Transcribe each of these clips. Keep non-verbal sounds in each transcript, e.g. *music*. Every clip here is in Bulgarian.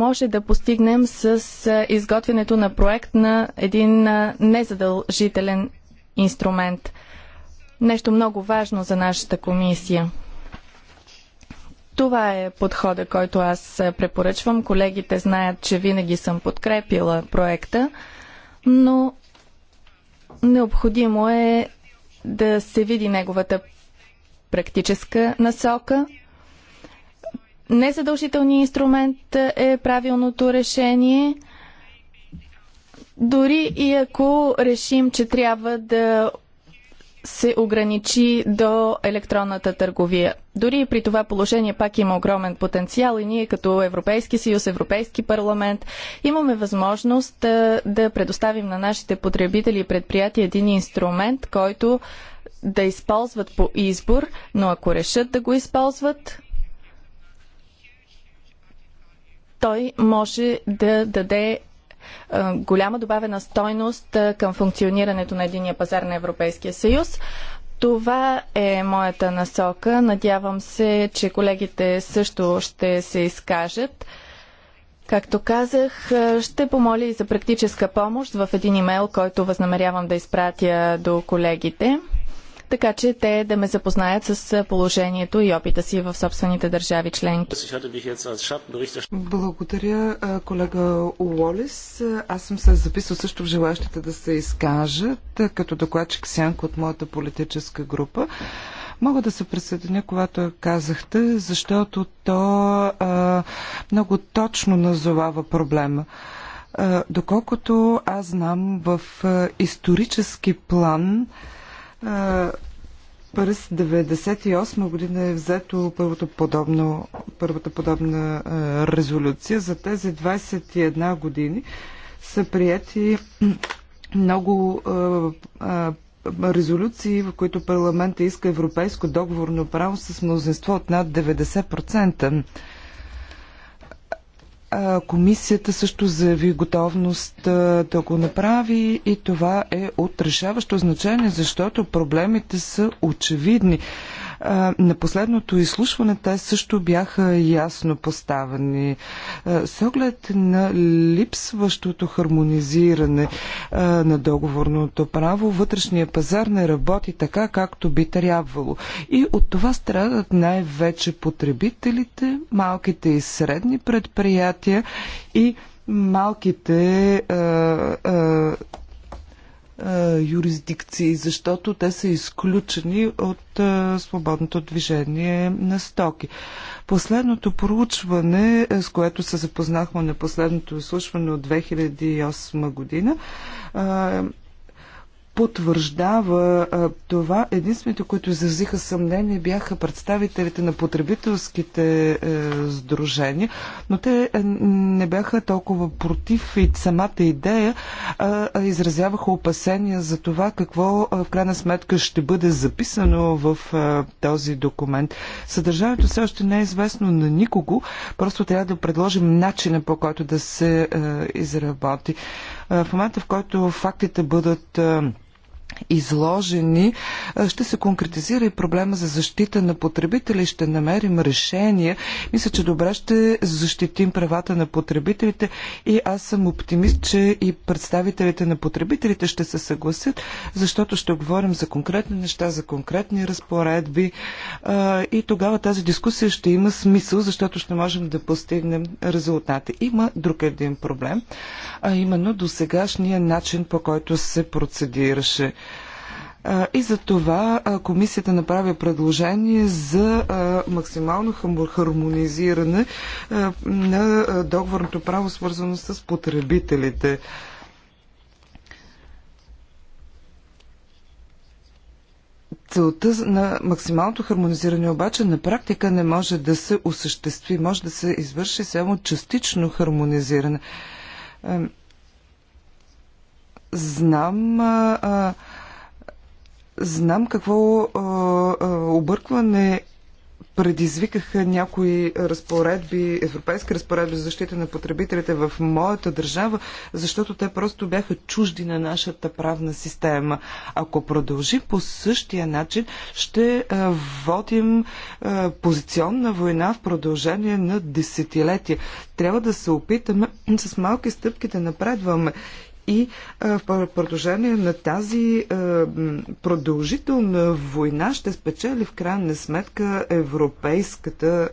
може да постигнем с изготвянето на проект на един незадължителен инструмент. Нещо много важно за нашата комисия. Това е подхода, който аз препоръчвам. Колегите знаят, че винаги съм подкрепила проекта, но необходимо е да се види неговата практическа насока – незадължителният инструмент е правилното решение. Дори и ако решим, че трябва да се ограничи до електронната търговия. Дори и при това положение пак има огромен потенциал и ние като Европейски съюз, Европейски парламент имаме възможност да, да предоставим на нашите потребители и предприятия един инструмент, който да използват по избор, но ако решат да го използват, той може да даде е, голяма добавена стойност е, към функционирането на единия пазар на Европейския съюз. Това е моята насока. Надявам се, че колегите също ще се изкажат. Както казах, е, ще помоля и за практическа помощ в един имейл, който възнамерявам да изпратя до колегите така че те да ме запознаят с положението и опита си в собствените държави членки. Благодаря, колега Уолис. Аз съм се записал също в желащите да се изкажат, като докладчик Сянко от моята политическа група. Мога да се присъединя, когато казахте, защото то а, много точно назовава проблема. А, доколкото аз знам, в а, исторически план а, през 1998 година е взето първото подобно, първата подобна резолюция. За тези 21 години са прияти много резолюции, в които парламента иска европейско договорно право с мнозинство от над 90%. Комисията също заяви готовност да го направи и това е от решаващо значение, защото проблемите са очевидни. На последното изслушване те също бяха ясно поставени. С оглед на липсващото хармонизиране на договорното право, вътрешния пазар не работи така, както би трябвало. И от това страдат най-вече потребителите, малките и средни предприятия и малките е, юрисдикции, защото те са изключени от е, свободното движение на стоки. Последното проучване, е, с което се запознахме на последното изслушване от 2008 година, потвърждава това. Единствените, които изразиха съмнение, бяха представителите на потребителските е, сдружения, но те е, не бяха толкова против и самата идея, а изразяваха опасения за това какво в крайна сметка ще бъде записано в този документ. Съдържанието все още не е известно на никого, просто трябва да предложим начина по който да се е, изработи. В момента, в който фактите бъдат изложени, ще се конкретизира и проблема за защита на потребители. Ще намерим решение. Мисля, че добре ще защитим правата на потребителите и аз съм оптимист, че и представителите на потребителите ще се съгласят, защото ще говорим за конкретни неща, за конкретни разпоредби и тогава тази дискусия ще има смисъл, защото ще можем да постигнем резултати. Има друг един проблем, а именно до сегашния начин по който се процедираше и за това комисията направи предложение за максимално хармонизиране на договорното право, свързано с потребителите. Целта на максималното хармонизиране обаче на практика не може да се осъществи, може да се извърши само частично хармонизиране. Знам, а, а, Знам какво объркване предизвикаха някои разпоредби, европейски разпоредби за защита на потребителите в моята държава, защото те просто бяха чужди на нашата правна система. Ако продължи по същия начин, ще водим позиционна война в продължение на десетилетия. Трябва да се опитаме *clears throat* с малки стъпки да напредваме и в продължение на тази продължителна война ще спечели в крайна сметка европейската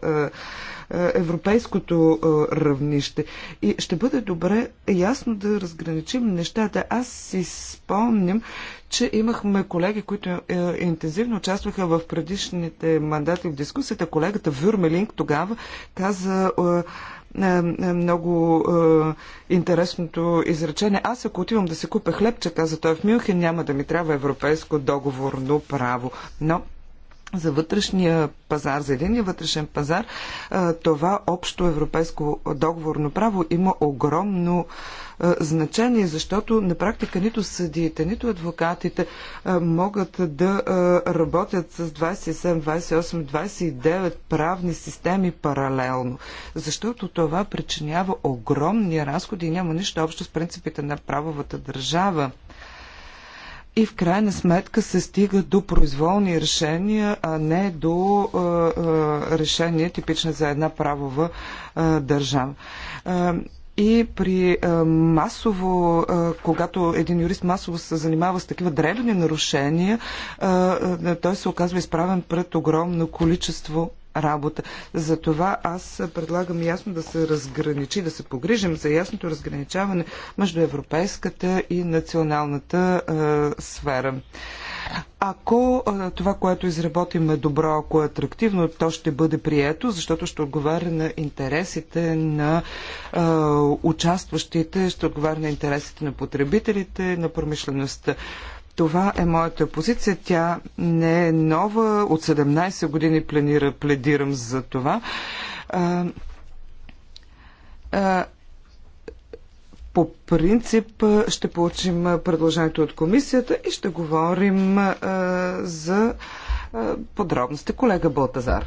европейското равнище. И ще бъде добре ясно да разграничим нещата. Аз си спомням, че имахме колеги, които е, интензивно участваха в предишните мандати в дискусията. Колегата Вюрмелинг тогава каза е, е, много е, интересното изречение. Аз ако отивам да се купя че каза той в Мюнхен, няма да ми трябва европейско договорно право. Но за вътрешния пазар, за един вътрешен пазар, това общо европейско договорно право има огромно значение, защото на практика нито съдиите, нито адвокатите могат да работят с 27, 28, 29 правни системи паралелно, защото това причинява огромни разходи и няма нищо общо с принципите на правовата държава и в крайна сметка се стига до произволни решения, а не до решения типични за една правова държава. И при масово, когато един юрист масово се занимава с такива дребни нарушения, той се оказва изправен пред огромно количество работа. Затова аз предлагам ясно да се разграничи, да се погрижим за ясното разграничаване между европейската и националната е, сфера. Ако а, това, което изработим е добро, ако е атрактивно, то ще бъде прието, защото ще отговаря на интересите на а, участващите, ще отговаря на интересите на потребителите, на промишлеността. Това е моята позиция. Тя не е нова. От 17 години планира, пледирам за това. А, а, по принцип ще получим предложението от комисията и ще говорим а, за а, подробности. Колега Балтазар.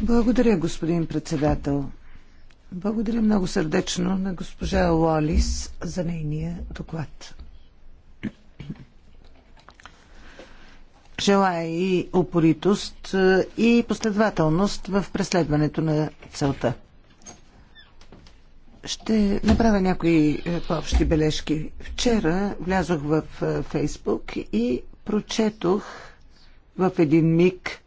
Благодаря, господин председател. Благодаря много сърдечно на госпожа Лолис за нейния доклад. Желая и упоритост е, и последователност в преследването на целта. Ще направя някои е, по-общи бележки. Вчера влязох в е, Фейсбук и прочетох в един миг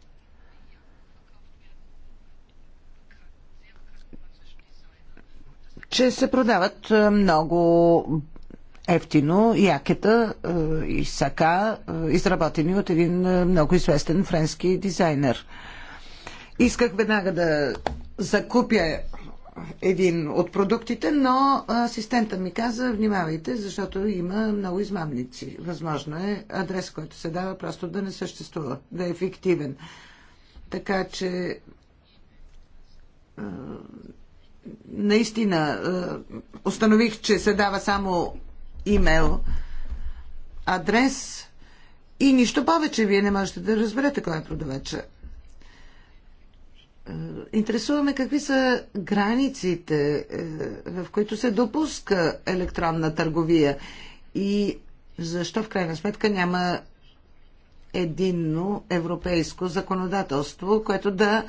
че се продават е, много ефтино якета е, и сака, е, изработени от един много известен френски дизайнер. Исках веднага да закупя един от продуктите, но асистента ми каза, внимавайте, защото има много измамници. Възможно е адрес, който се дава, просто да не съществува, да е фиктивен. Така че наистина е, установих, че се дава само имейл, адрес и нищо повече. Вие не можете да разберете кой е продавача. Е, интересуваме какви са границите, е, в които се допуска електронна търговия и защо в крайна сметка няма единно европейско законодателство, което да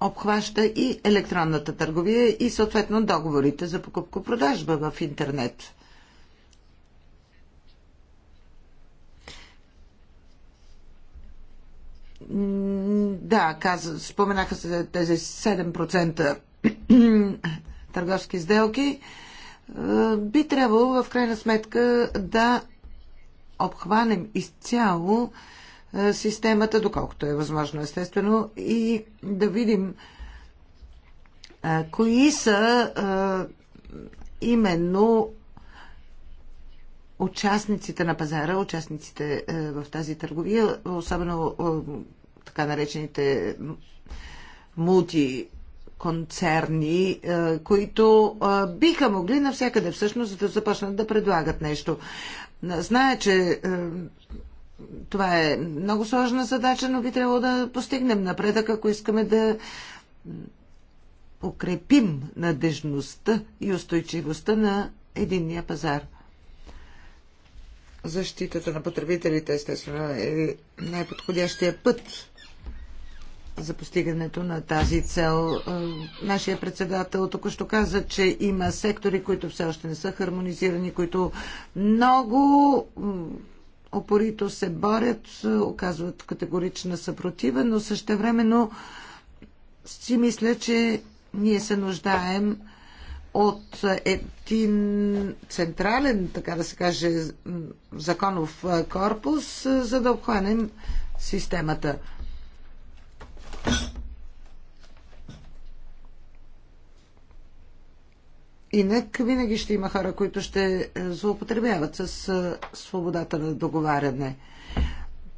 обхваща и електронната търговия и съответно договорите за покупко-продажба в интернет. Да, каза, споменаха се тези 7% *clears throat* търговски сделки. Е, би трябвало в крайна сметка да обхванем изцяло е, системата, доколкото е възможно естествено, и да видим е, кои са е, именно участниците на пазара, участниците в тази търговия, особено така наречените мулти концерни, които биха могли навсякъде всъщност да започнат да предлагат нещо. Зная, че това е много сложна задача, но би трябвало да постигнем напредък, ако искаме да укрепим надежността и устойчивостта на единния пазар. Защитата на потребителите, естествено, е най-подходящия път за постигането на тази цел. Е, нашия председател току-що каза, че има сектори, които все още не са хармонизирани, които много опорито се борят, оказват категорична съпротива, но същевременно си мисля, че ние се нуждаем от един централен, така да се каже, законов корпус, за да обхванем системата. Инак винаги ще има хора, които ще е, злоупотребяват с е, свободата на договаряне.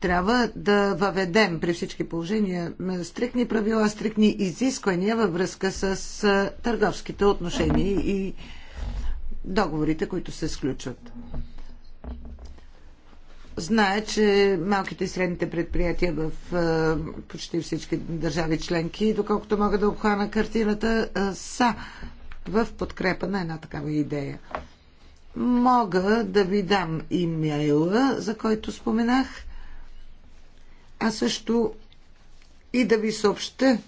Трябва да въведем при всички положения стрикни правила, стрикни изисквания във връзка с е, търговските отношения и договорите, които се сключват. Знае, че малките и средните предприятия в почти всички държави членки, доколкото мога да обхвана картината, са в подкрепа на една такава идея. Мога да ви дам имейла, за който споменах, а също и да ви съобща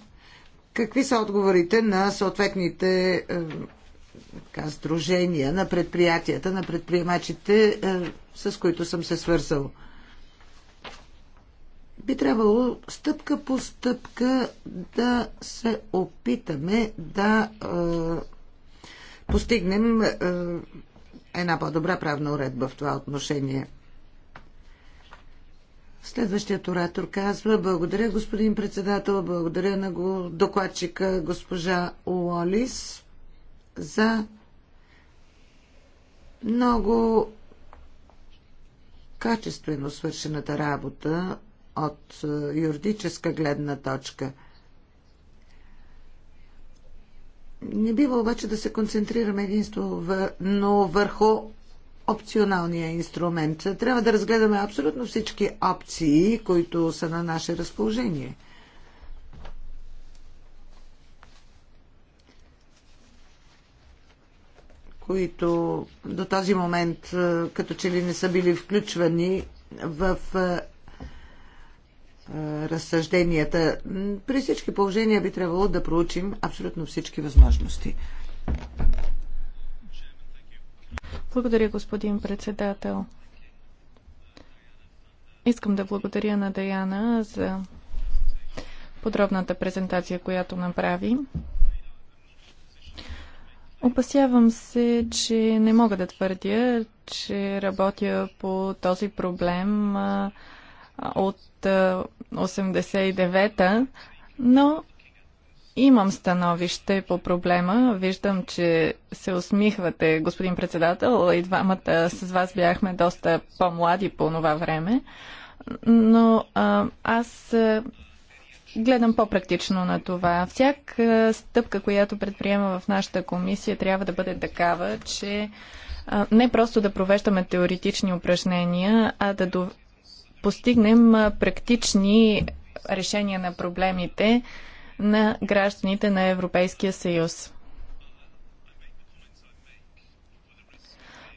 какви са отговорите на съответните е, така, сдружения, на предприятията, на предприемачите, е, с които съм се свързал. Би трябвало стъпка по стъпка да се опитаме да е, постигнем е, една по-добра правна уредба в това отношение. Следващият оратор казва Благодаря, господин председател, благодаря на го докладчика госпожа Уолис за много качествено свършената работа от е, юридическа гледна точка – Не бива обаче да се концентрираме единствено върху опционалния инструмент. Трябва да разгледаме абсолютно всички опции, които са на наше разположение. които до този момент е, като че ли не са били включвани в е, разсъжденията. При всички положения би трябвало да проучим абсолютно всички възможности. Благодаря, господин председател. Искам да благодаря на Даяна за подробната презентация, която направи. Опасявам се, че не мога да твърдя, че работя по този проблем а, от 89-та, е, но имам становище по проблема. Виждам, че се усмихвате, господин председател. И двамата с вас бяхме доста по-млади по това време. Но а, аз е, гледам по-практично на това. Всяка е, стъпка, която предприема в нашата комисия, трябва да бъде такава, че не просто да провеждаме теоретични упражнения, а да постигнем практични решения на проблемите на гражданите на Европейския съюз.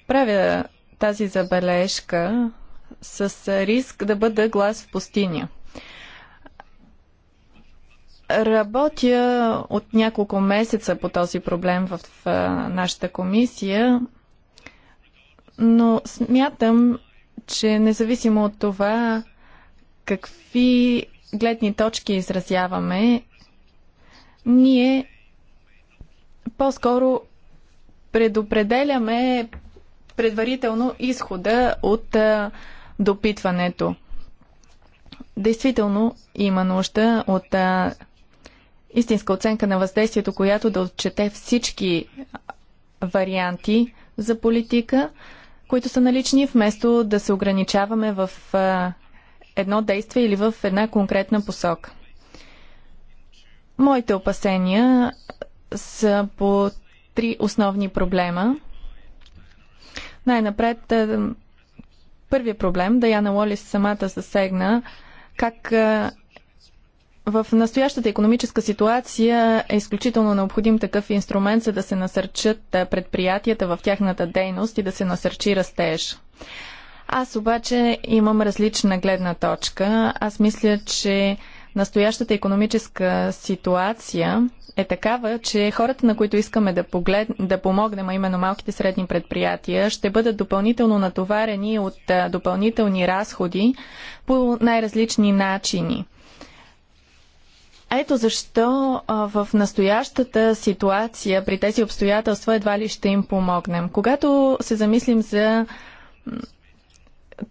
Правя тази забележка с риск да бъда глас в пустиня. Работя от няколко месеца по този проблем в нашата комисия, но смятам, че независимо от това какви гледни точки изразяваме, ние по-скоро предопределяме предварително изхода от допитването. Действително има нужда от а, истинска оценка на въздействието, която да отчете всички варианти за политика, които са налични, вместо да се ограничаваме в едно действие или в една конкретна посока. Моите опасения са по три основни проблема. Най-напред, първият проблем, Даяна Лолис самата засегна, как в настоящата економическа ситуация е изключително необходим такъв инструмент, за да се насърчат предприятията в тяхната дейност и да се насърчи растеж. Аз обаче имам различна гледна точка. Аз мисля, че настоящата економическа ситуация е такава, че хората, на които искаме да, поглед... да помогнем, а именно малките средни предприятия, ще бъдат допълнително натоварени от допълнителни разходи по най-различни начини. Ето защо а, в настоящата ситуация, при тези обстоятелства, едва ли ще им помогнем. Когато се замислим за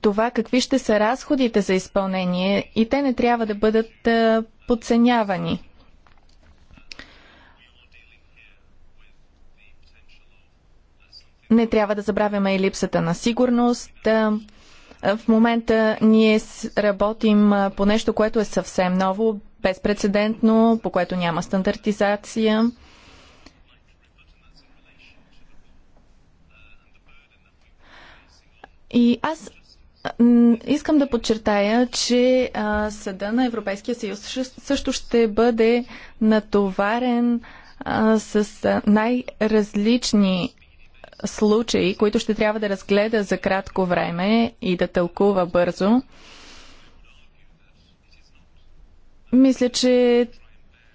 това какви ще са разходите за изпълнение и те не трябва да бъдат а, подценявани. Не трябва да забравяме и липсата на сигурност. в момента ние работим по нещо, което е съвсем ново безпредседентно, по което няма стандартизация. И аз искам да подчертая, че съда на Европейския съюз също ще бъде натоварен с най-различни случаи, които ще трябва да разгледа за кратко време и да тълкува бързо. Мисля, че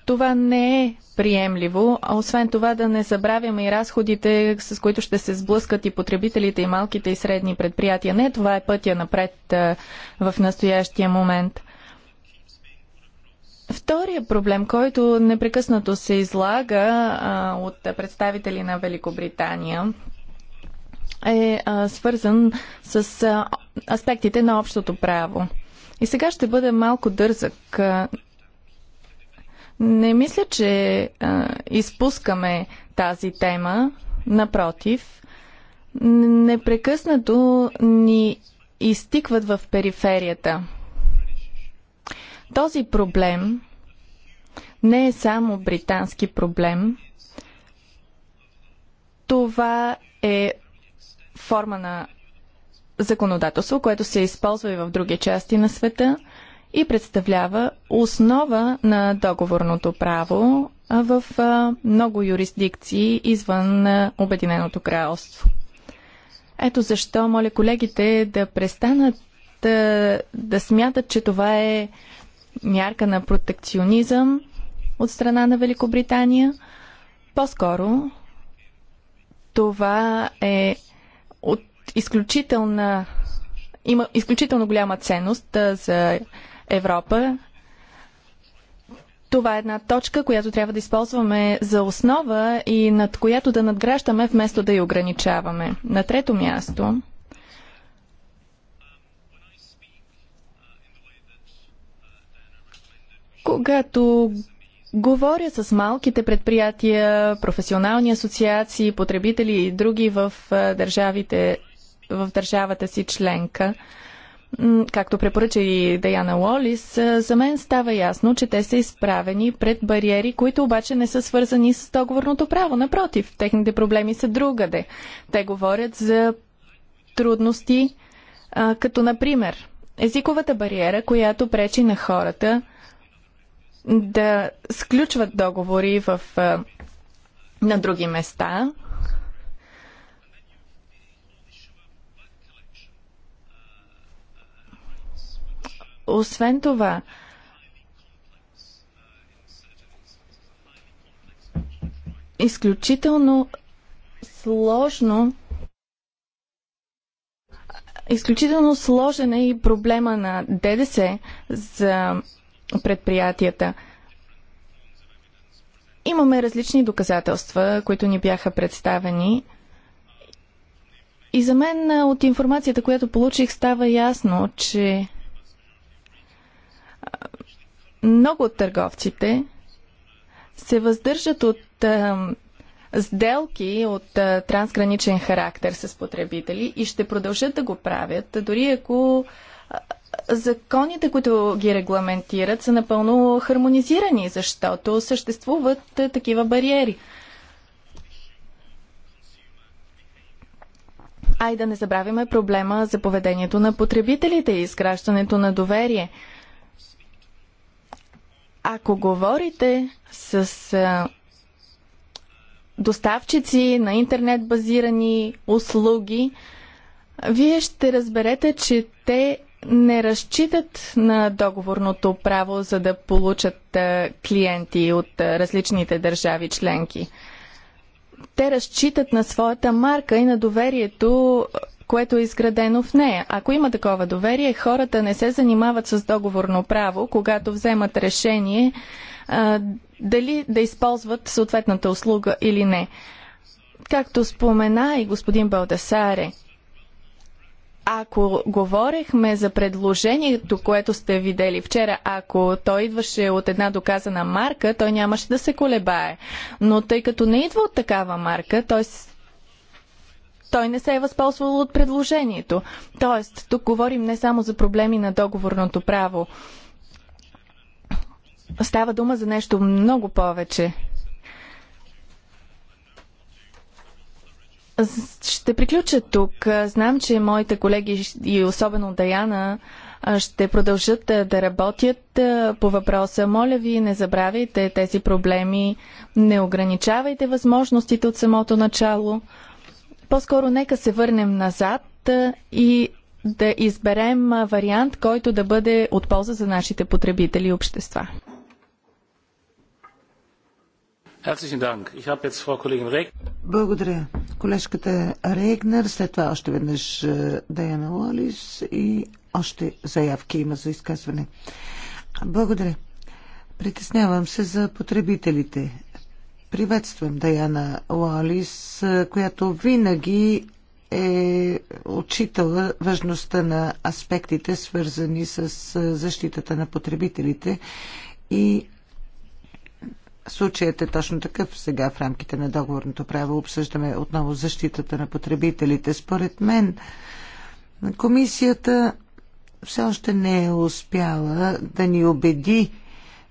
това не е приемливо, а освен това да не забравяме и разходите, с които ще се сблъскат и потребителите, и малките и средни предприятия. Не, това е пътя напред в настоящия момент. Втория проблем, който непрекъснато се излага а, от представители на Великобритания, е а, свързан с а, аспектите на общото право. И сега ще бъде малко дързък. Не мисля, че а, изпускаме тази тема. Напротив, непрекъснато ни изтикват в периферията. Този проблем не е само британски проблем. Това е форма на законодателство, което се използва и в други части на света и представлява основа на договорното право в много юрисдикции извън Обединеното кралство. Ето защо моля колегите да престанат да, да смятат, че това е мярка на протекционизъм от страна на Великобритания. По-скоро това е от изключителна има изключително голяма ценност за Европа. Това е една точка, която трябва да използваме за основа и над която да надграждаме, вместо да я ограничаваме. На трето място. Когато говоря с малките предприятия, професионални асоциации, потребители и други в държавите, в държавата си членка, както препоръча и Даяна Уолис, за мен става ясно, че те са изправени пред бариери, които обаче не са свързани с договорното право. Напротив, техните проблеми са другаде. Те говорят за трудности, като например езиковата бариера, която пречи на хората да сключват договори в, на други места – Освен това, изключително сложно изключително сложен е и проблема на ДДС за предприятията. Имаме различни доказателства, които ни бяха представени. И за мен от информацията, която получих, става ясно, че много от търговците се въздържат от е, сделки от е, трансграничен характер с потребители и ще продължат да го правят, дори ако законите, които ги регламентират, са напълно хармонизирани, защото съществуват е, такива бариери. Ай да не забравяме проблема за поведението на потребителите и изграждането на доверие – ако говорите с доставчици на интернет базирани услуги, вие ще разберете, че те не разчитат на договорното право, за да получат клиенти от различните държави членки. Те разчитат на своята марка и на доверието което е изградено в нея. Ако има такова доверие, хората не се занимават с договорно право, когато вземат решение а, дали да използват съответната услуга или не. Както спомена и господин Балдасаре, ако говорехме за предложението, което сте видели вчера, ако той идваше от една доказана марка, той нямаше да се колебае. Но тъй като не идва от такава марка, той той не се е възползвал от предложението. Тоест, тук говорим не само за проблеми на договорното право. Става дума за нещо много повече. Ще приключа тук. Знам, че моите колеги и особено Даяна ще продължат да работят по въпроса. Моля ви, не забравяйте тези проблеми, не ограничавайте възможностите от самото начало. По-скоро нека се върнем назад и да изберем вариант, който да бъде от полза за нашите потребители и общества. Благодаря. Колежката Рейгнер, след това още веднъж Даяна Лолис и още заявки има за изказване. Благодаря. Притеснявам се за потребителите. Приветствам Даяна Лалис, която винаги е отчитала важността на аспектите, свързани с защитата на потребителите и Случаят е точно такъв. Сега в рамките на договорното право обсъждаме отново защитата на потребителите. Според мен, комисията все още не е успяла да ни убеди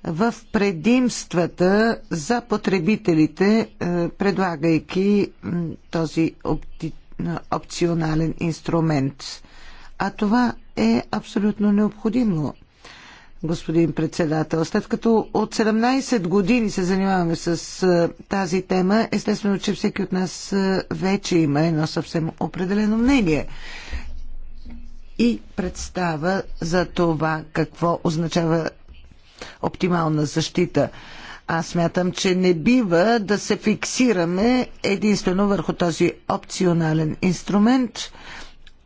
в предимствата за потребителите, е, предлагайки този опти... опционален инструмент. А това е абсолютно необходимо, господин председател. След като от 17 години се занимаваме с е, тази тема, естествено, че всеки от нас е, вече има едно съвсем определено мнение и представа за това какво означава оптимална защита. Аз смятам, че не бива да се фиксираме единствено върху този опционален инструмент,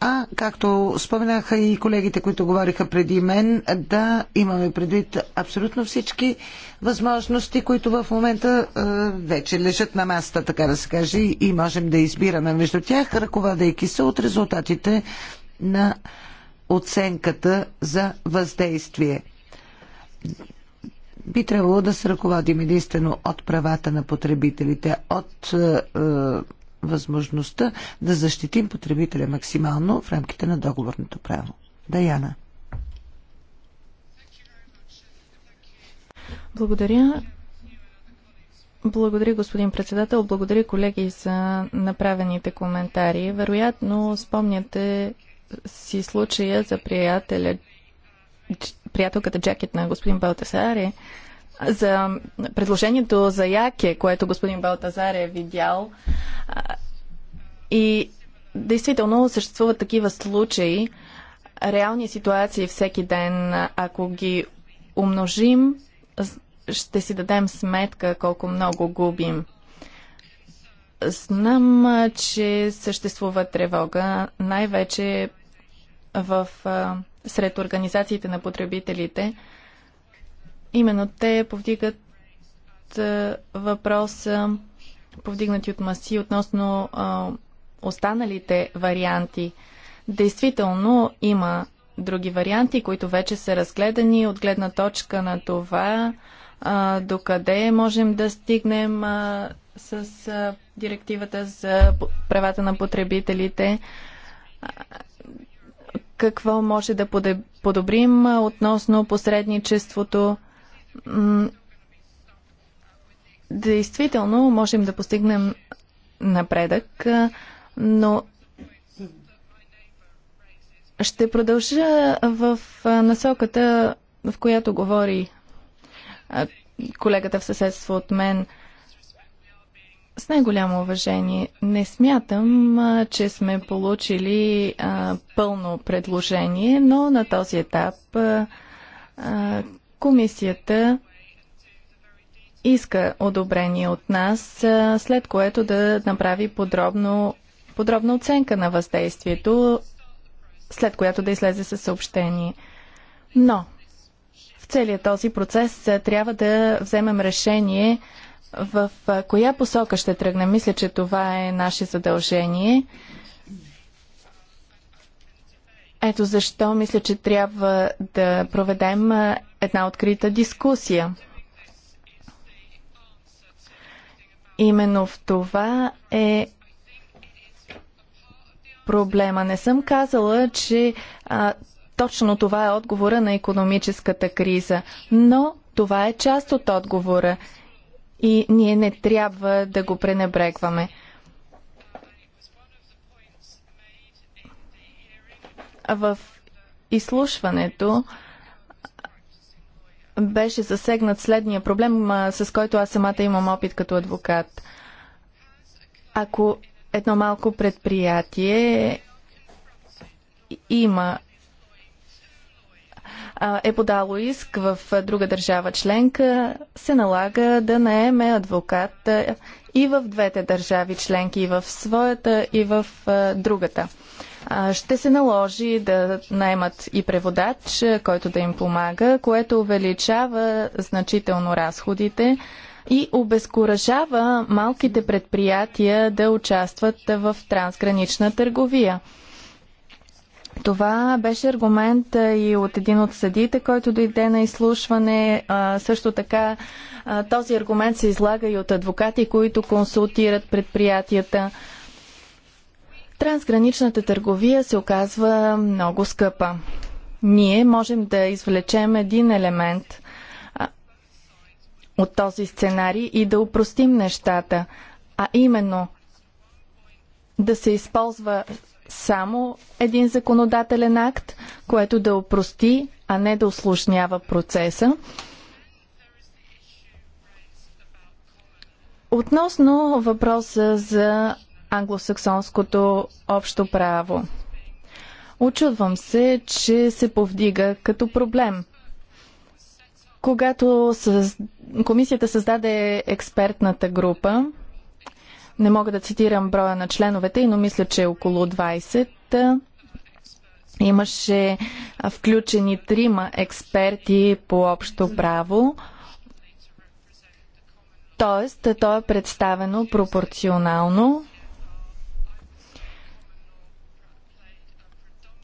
а, както споменаха и колегите, които говориха преди мен, да имаме предвид абсолютно всички възможности, които в момента е, вече лежат на масата, така да се каже, и можем да избираме между тях, ръководейки се от резултатите на оценката за въздействие би трябвало да се ръководим единствено от правата на потребителите, от е, е, възможността да защитим потребителя максимално в рамките на договорното право. Даяна. Благодаря. Благодаря, господин председател. Благодаря, колеги, за направените коментари. Вероятно, спомняте си случая за приятеля приятелката Джакет на господин Балтасаре за предложението за Яке, което господин Балтазар е видял. И действително съществуват такива случаи, реални ситуации всеки ден. Ако ги умножим, ще си дадем сметка колко много губим. Знам, че съществува тревога, най-вече в, сред организациите на потребителите. Именно те повдигат въпроса, повдигнати от Маси, относно а, останалите варианти. Действително има други варианти, които вече са разгледани от гледна точка на това а, докъде можем да стигнем а, с а, директивата за правата на потребителите какво може да подобрим относно посредничеството. Действително можем да постигнем напредък, но ще продължа в насоката, в която говори колегата в съседство от мен – с най-голямо уважение. Не смятам, че сме получили пълно предложение, но на този етап комисията иска одобрение от нас, след което да направи подробно, подробна оценка на въздействието, след която да излезе със съобщение. Но в целият този процес трябва да вземем решение в коя посока ще тръгнем? Мисля, че това е наше задължение. Ето защо мисля, че трябва да проведем една открита дискусия. Именно в това е проблема. Не съм казала, че а, точно това е отговора на економическата криза, но това е част от отговора и ние не трябва да го пренебрегваме. В изслушването беше засегнат следния проблем, с който аз самата имам опит като адвокат. Ако едно малко предприятие има е подало иск в друга държава членка, се налага да наеме адвокат и в двете държави членки, и в своята, и в другата. Ще се наложи да наемат и преводач, който да им помага, което увеличава значително разходите и обезкуражава малките предприятия да участват в трансгранична търговия. Това беше аргумент и от един от съдите, който дойде на изслушване. А, също така а, този аргумент се излага и от адвокати, които консултират предприятията. Трансграничната търговия се оказва много скъпа. Ние можем да извлечем един елемент а, от този сценарий и да упростим нещата, а именно да се използва само един законодателен акт, което да опрости, а не да осложнява процеса. Относно въпроса за англосаксонското общо право. Очудвам се, че се повдига като проблем. Когато съз... комисията създаде експертната група, не мога да цитирам броя на членовете, но мисля, че е около 20. Имаше включени трима експерти по общо право. Тоест, то е представено пропорционално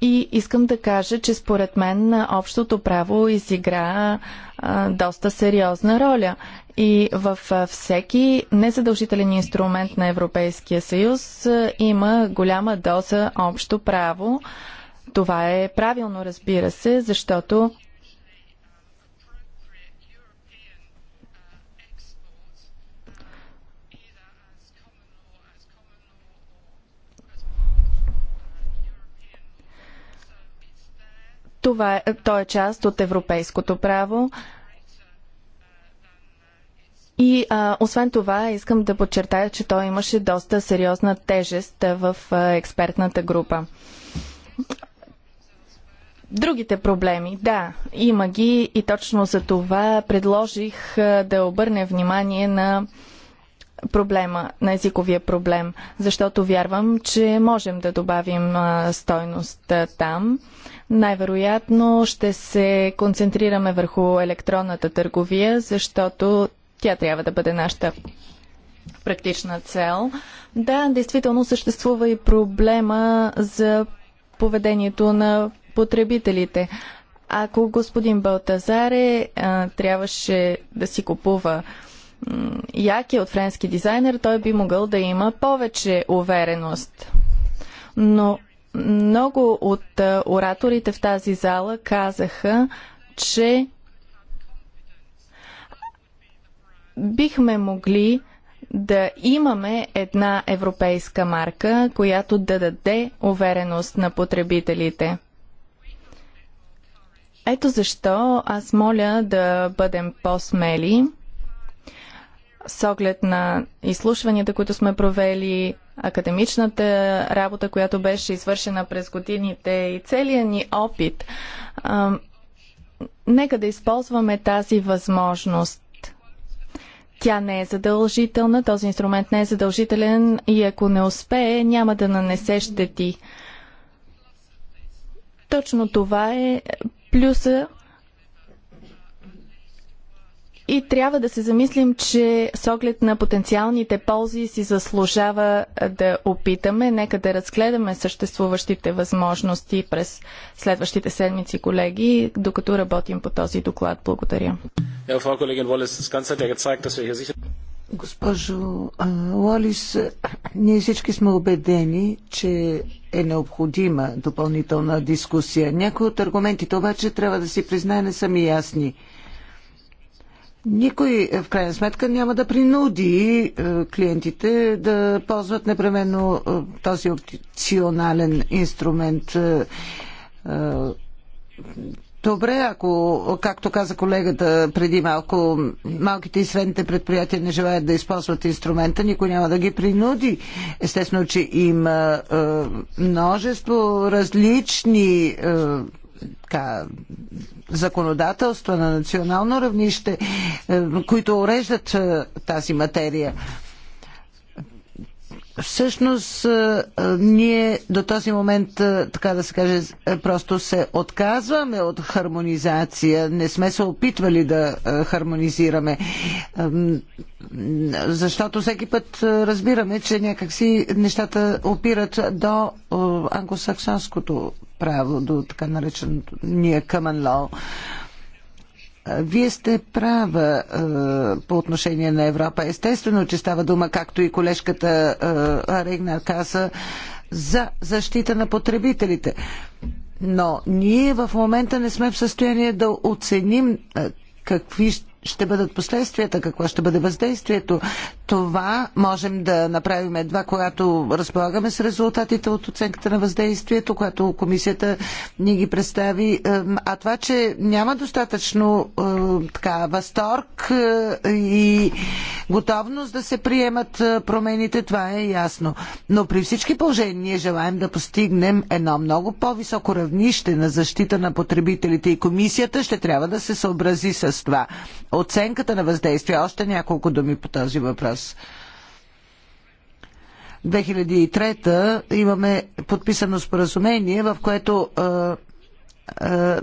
И искам да кажа, че според мен общото право изигра а, доста сериозна роля. И в всеки незадължителен инструмент на Европейския съюз а, има голяма доза общо право. Това е правилно, разбира се, защото Това, е, то е част от европейското право. И а, освен това, искам да подчертая, че той имаше доста сериозна тежест в а, експертната група. Другите проблеми, да, има ги и точно за това предложих а, да обърне внимание на а, проблема, на езиковия проблем, защото вярвам, че можем да добавим стойност там. Най-вероятно ще се концентрираме върху електронната търговия, защото тя трябва да бъде нашата практична цел. Да, действително съществува и проблема за поведението на потребителите. Ако господин Балтазаре а, трябваше да си купува а, яки от френски дизайнер, той би могъл да има повече увереност. Но много от ораторите в тази зала казаха, че бихме могли да имаме една европейска марка, която да даде увереност на потребителите. Ето защо аз моля да бъдем по-смели с оглед на изслушванията, които сме провели, академичната работа, която беше извършена през годините и целият ни опит, нека да използваме тази възможност. Тя не е задължителна, този инструмент не е задължителен и ако не успее, няма да нанесе щети. Точно това е плюса и трябва да се замислим, че с оглед на потенциалните ползи си заслужава да опитаме. Нека да разгледаме съществуващите възможности през следващите седмици, колеги, докато работим по този доклад. Благодаря. Госпожо Лолис, ние всички сме убедени, че е необходима допълнителна дискусия. Някои от аргументите обаче трябва да си признае не са ми ясни – никой в крайна сметка няма да принуди е, клиентите да ползват непременно е, този опционален инструмент. Е, добре, ако, както каза колегата преди малко, малките и средните предприятия не желаят да използват инструмента, никой няма да ги принуди. Естествено, че има е, множество различни е, така, законодателства на национално равнище, е, които уреждат е, тази материя. Всъщност, е, ние до този момент, така да се каже, просто се отказваме от хармонизация. Не сме се опитвали да хармонизираме. Защото всеки път разбираме, че някакси нещата опират до англосаксонското право, до така нареченото ние common law. Вие сте права е, по отношение на Европа. Естествено, че става дума, както и колежката е, Регнар каза, за защита на потребителите. Но ние в момента не сме в състояние да оценим е, какви ще бъдат последствията, какво ще бъде въздействието. Това можем да направим едва, когато разполагаме с резултатите от оценката на въздействието, когато комисията ни ги представи. А това, че няма достатъчно е, така, възторг е, и готовност да се приемат промените, това е ясно. Но при всички положения ние желаем да постигнем едно много по-високо равнище на защита на потребителите и комисията ще трябва да се съобрази с това. Оценката на въздействие, още няколко думи по този въпрос. 2003 имаме подписано споразумение, в което е, е,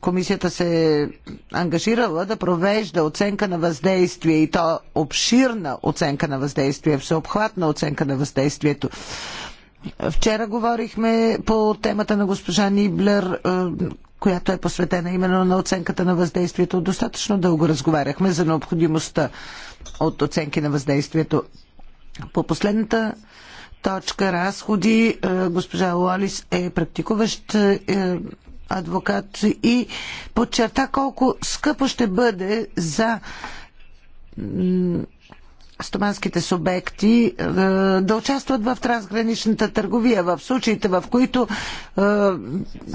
комисията се е ангажирала да провежда оценка на въздействие и то обширна оценка на въздействие, всеобхватна оценка на въздействието. Вчера говорихме по темата на госпожа Ниблер, е, която е посветена именно на оценката на въздействието. Достатъчно дълго разговаряхме за необходимостта от оценки на въздействието. По последната точка разходи е, госпожа Лолис е практикуващ е, адвокат и подчерта колко скъпо ще бъде за стоманските субекти е, да участват в трансграничната търговия в случаите, в които е,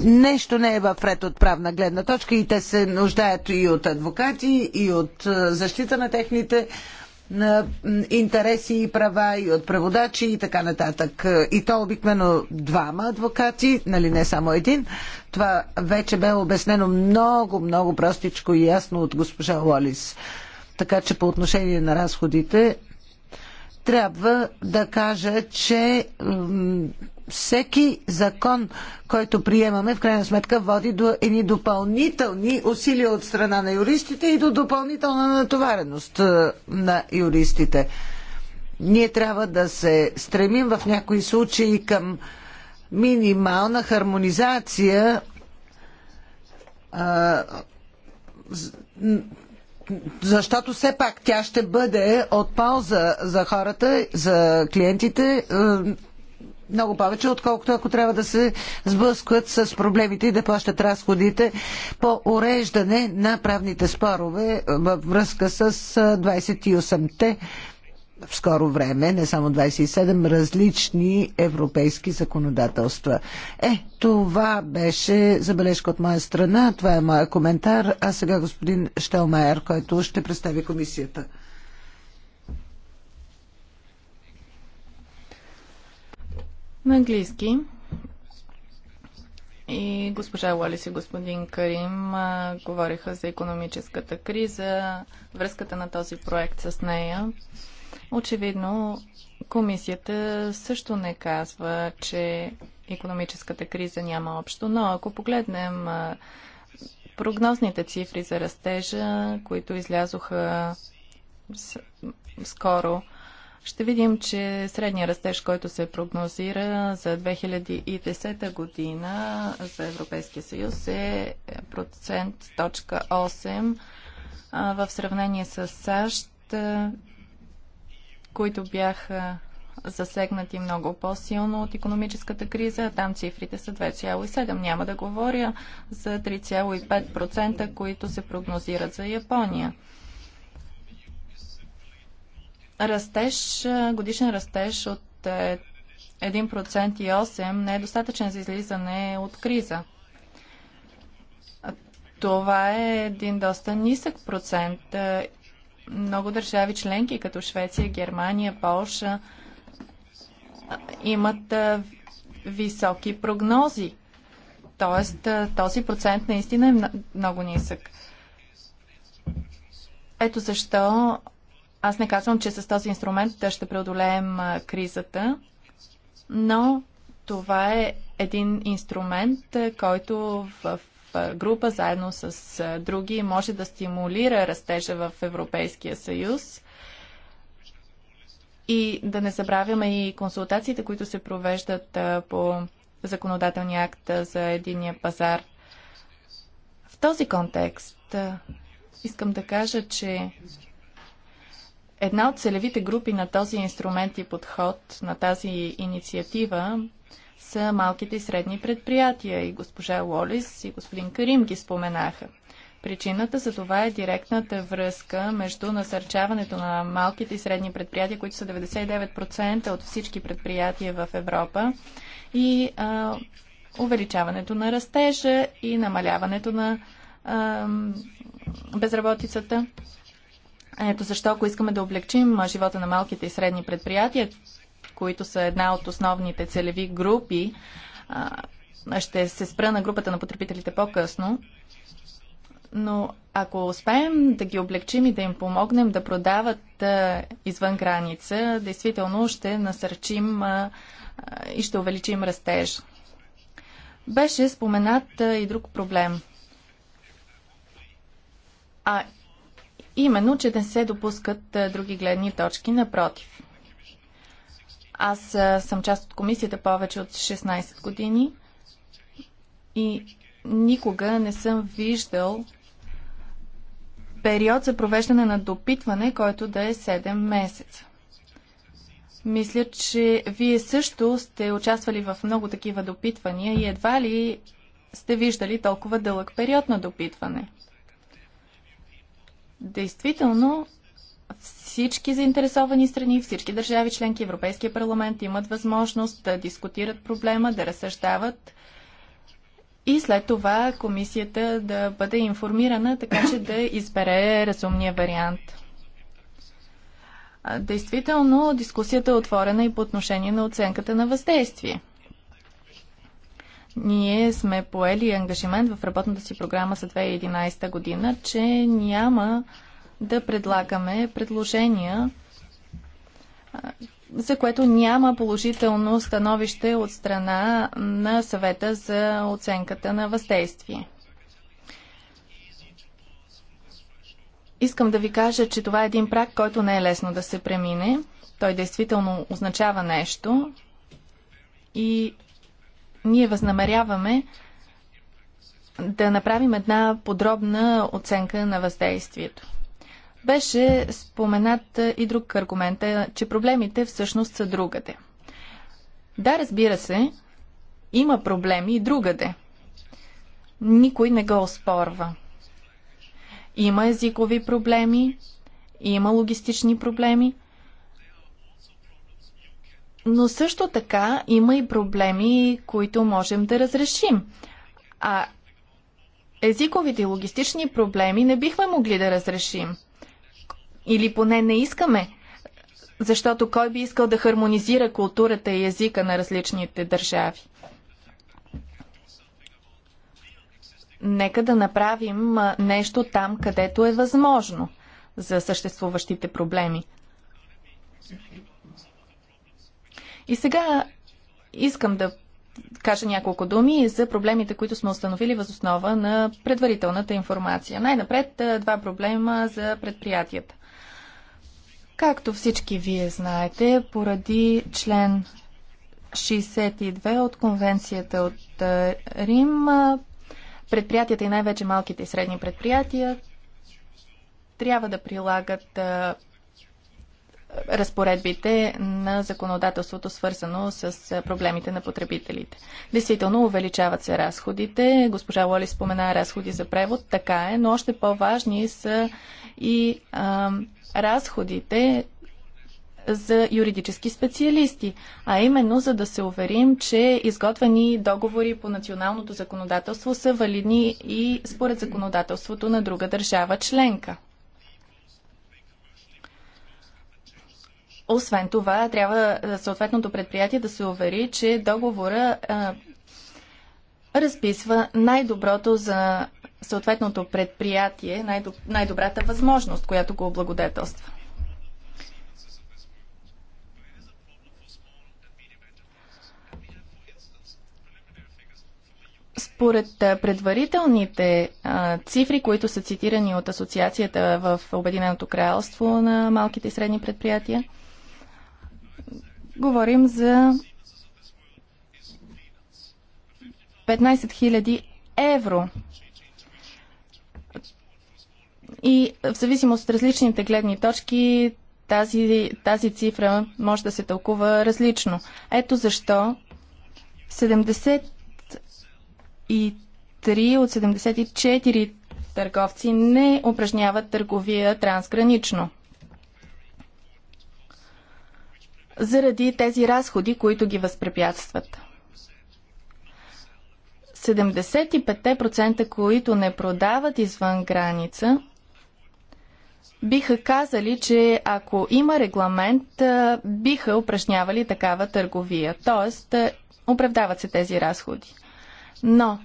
нещо не е в ред от правна гледна точка и те се нуждаят и от адвокати, и от е, защита на техните на интереси и права и от преводачи и така нататък. И то обикновено двама адвокати, нали не само един. Това вече бе обяснено много, много простичко и ясно от госпожа Лолис. Така че по отношение на разходите трябва да кажа, че всеки закон, който приемаме, в крайна сметка води до едни допълнителни усилия от страна на юристите и до допълнителна натовареност е, на юристите. Ние трябва да се стремим в някои случаи към минимална хармонизация е, защото все пак тя ще бъде от полза за хората, за клиентите, е, много повече, отколкото ако трябва да се сблъскват с проблемите и да плащат разходите по уреждане на правните спорове във връзка с 28-те в скоро време, не само 27 различни европейски законодателства. Е, това беше забележка от моя страна, това е моя коментар, а сега господин Штелмайер, който ще представи комисията. на английски. И госпожа Уалис и господин Карим а, говориха за економическата криза, връзката на този проект с нея. Очевидно, комисията също не казва, че економическата криза няма общо, но ако погледнем а, прогнозните цифри за растежа, които излязоха с, скоро ще видим, че средният растеж, който се прогнозира за 2010 година за Европейския съюз е процент точка 8 в сравнение с САЩ, които бяха засегнати много по-силно от економическата криза. Там цифрите са 2,7. Няма да говоря за 3,5%, които се прогнозират за Япония. Растеж, годишен растеж от 1% е, и 8% не е достатъчен за излизане от криза. Това е един доста нисък процент. Много държави членки, като Швеция, Германия, Полша, имат високи прогнози. Тоест, този процент наистина е много нисък. Ето защо аз не казвам, че с този инструмент ще преодолеем кризата, но това е един инструмент, който в група заедно с други може да стимулира растежа в Европейския съюз. И да не забравяме и консултациите, които се провеждат по законодателния акт за единия пазар. В този контекст искам да кажа, че Една от целевите групи на този инструмент и подход, на тази инициатива, са малките и средни предприятия. И госпожа Уолис и господин Карим ги споменаха. Причината за това е директната връзка между насърчаването на малките и средни предприятия, които са 99% от всички предприятия в Европа, и а, увеличаването на растежа и намаляването на а, безработицата. Ето защо, ако искаме да облегчим живота на малките и средни предприятия, които са една от основните целеви групи, ще се спра на групата на потребителите по-късно, но ако успеем да ги облегчим и да им помогнем да продават извън граница, действително ще насърчим и ще увеличим растеж. Беше споменат и друг проблем. А Именно, че не се допускат други гледни точки, напротив. Аз съм част от комисията повече от 16 години и никога не съм виждал период за провеждане на допитване, който да е 7 месеца. Мисля, че вие също сте участвали в много такива допитвания и едва ли сте виждали толкова дълъг период на допитване – Действително, всички заинтересовани страни, всички държави членки, Европейския парламент имат възможност да дискутират проблема, да разсъждават и след това комисията да бъде информирана, така че да избере разумния вариант. Действително, дискусията е отворена и по отношение на оценката на въздействие. Ние сме поели ангажимент в работната си програма за 2011 година, че няма да предлагаме предложения, за което няма положително становище от страна на съвета за оценката на въздействие. Искам да ви кажа, че това е един прак, който не е лесно да се премине. Той действително означава нещо и ние възнамеряваме да направим една подробна оценка на въздействието. Беше споменат и друг аргумент, че проблемите всъщност са другаде. Да, разбира се, има проблеми и другаде. Никой не го оспорва. Има езикови проблеми, има логистични проблеми, но също така има и проблеми, които можем да разрешим. А езиковите и логистични проблеми не бихме могли да разрешим. Или поне не искаме. Защото кой би искал да хармонизира културата и езика на различните държави? Нека да направим нещо там, където е възможно за съществуващите проблеми. И сега искам да кажа няколко думи за проблемите, които сме установили въз основа на предварителната информация. Най-напред два проблема за предприятията. Както всички вие знаете, поради член 62 от конвенцията от Рим, предприятията и най-вече малките и средни предприятия трябва да прилагат разпоредбите на законодателството, свързано с проблемите на потребителите. Действително увеличават се разходите. Госпожа Лоли спомена разходи за превод, така е, но още по-важни са и а, разходите за юридически специалисти, а именно за да се уверим, че изготвени договори по националното законодателство са валидни и според законодателството на друга държава членка. Освен това, трябва е, съответното предприятие да се увери, че договора а, е, разписва най-доброто за съответното предприятие, най-доб... най-добрата възможност, която го облагодетелства. Според е, предварителните а, цифри, които са цитирани от Асоциацията в Обединеното кралство на малките и средни предприятия, Говорим за 15 000 евро. И в зависимост от различните гледни точки, тази, тази цифра може да се тълкува различно. Ето защо 73 от 74 търговци не упражняват търговия трансгранично. заради тези разходи, които ги възпрепятстват. 75%, които не продават извън граница, биха казали, че ако има регламент, биха упражнявали такава търговия. Тоест, оправдават се тези разходи. Но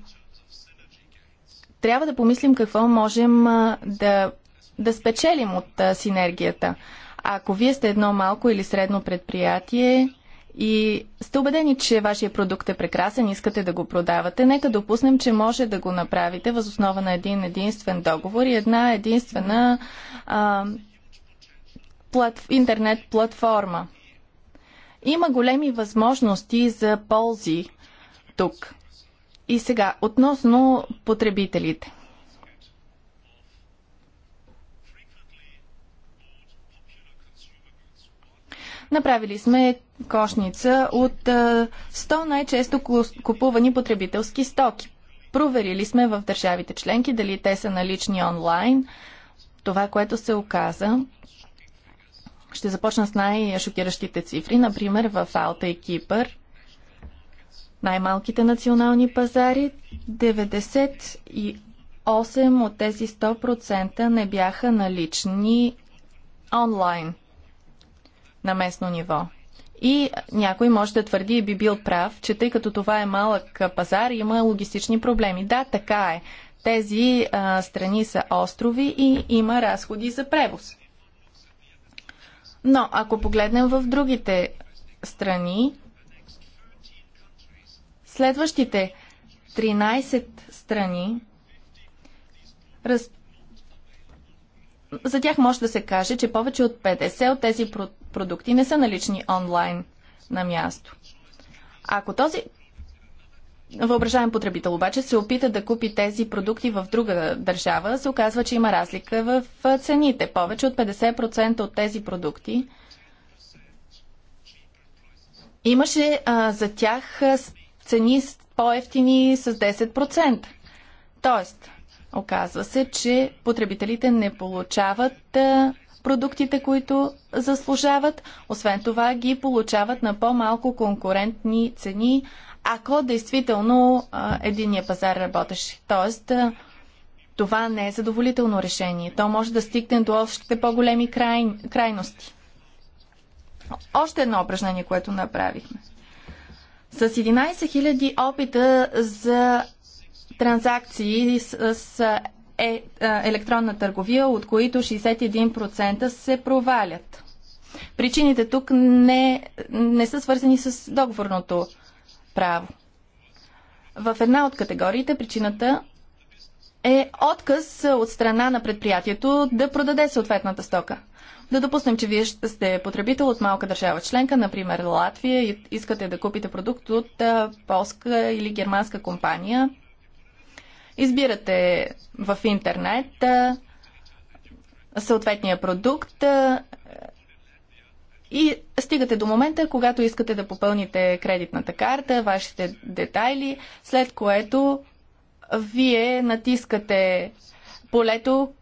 трябва да помислим какво можем да, да спечелим от синергията. Ако вие сте едно малко или средно предприятие и сте убедени, че вашия продукт е прекрасен, искате да го продавате, нека допуснем, че може да го направите възоснова на един единствен договор и една единствена а, плат, интернет платформа. Има големи възможности за ползи тук. И сега, относно потребителите. Направили сме кошница от 100 най-често купувани потребителски стоки. Проверили сме в държавите членки дали те са налични онлайн. Това, което се оказа, ще започна с най-шокиращите цифри. Например, в Алта и Кипър, най-малките национални пазари, 98 от тези 100% не бяха налични онлайн на местно ниво. И някой може да твърди и би бил прав, че тъй като това е малък пазар, има логистични проблеми. Да, така е. Тези а, страни са острови и има разходи за превоз. Но ако погледнем в другите страни, следващите 13 страни раз, за тях може да се каже, че повече от 50 от тези продукти не са налични онлайн на място. Ако този въображаем потребител обаче се опита да купи тези продукти в друга държава, се оказва, че има разлика в цените. Повече от 50% от тези продукти имаше а, за тях цени по-ефтини с 10%. Тоест, Оказва се, че потребителите не получават продуктите, които заслужават. Освен това ги получават на по-малко конкурентни цени, ако действително единия пазар работеше. Тоест, това не е задоволително решение. То може да стигне до общите по-големи край, крайности. Още едно упражнение, което направихме. С 11 000 опита за транзакции с, е, е, електронна търговия, от които 61% се провалят. Причините тук не, не са свързани с договорното право. В една от категориите причината е отказ от страна на предприятието да продаде съответната стока. Да допуснем, че вие сте потребител от малка държава членка, например Латвия, и искате да купите продукт от полска или германска компания – Избирате в интернет съответния продукт и стигате до момента, когато искате да попълните кредитната карта, вашите детайли, след което вие натискате полето,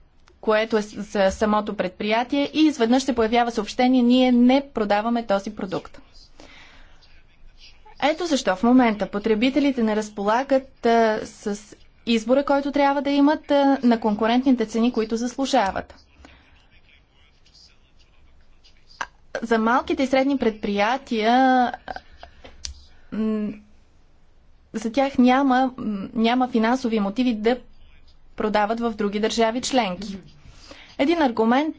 което е за самото предприятие и изведнъж се появява съобщение, ние не продаваме този продукт. Ето защо в момента потребителите не разполагат а, с избора, който трябва да имат на конкурентните цени, които заслужават. За малките и средни предприятия за тях няма, няма финансови мотиви да продават в други държави членки. Един аргумент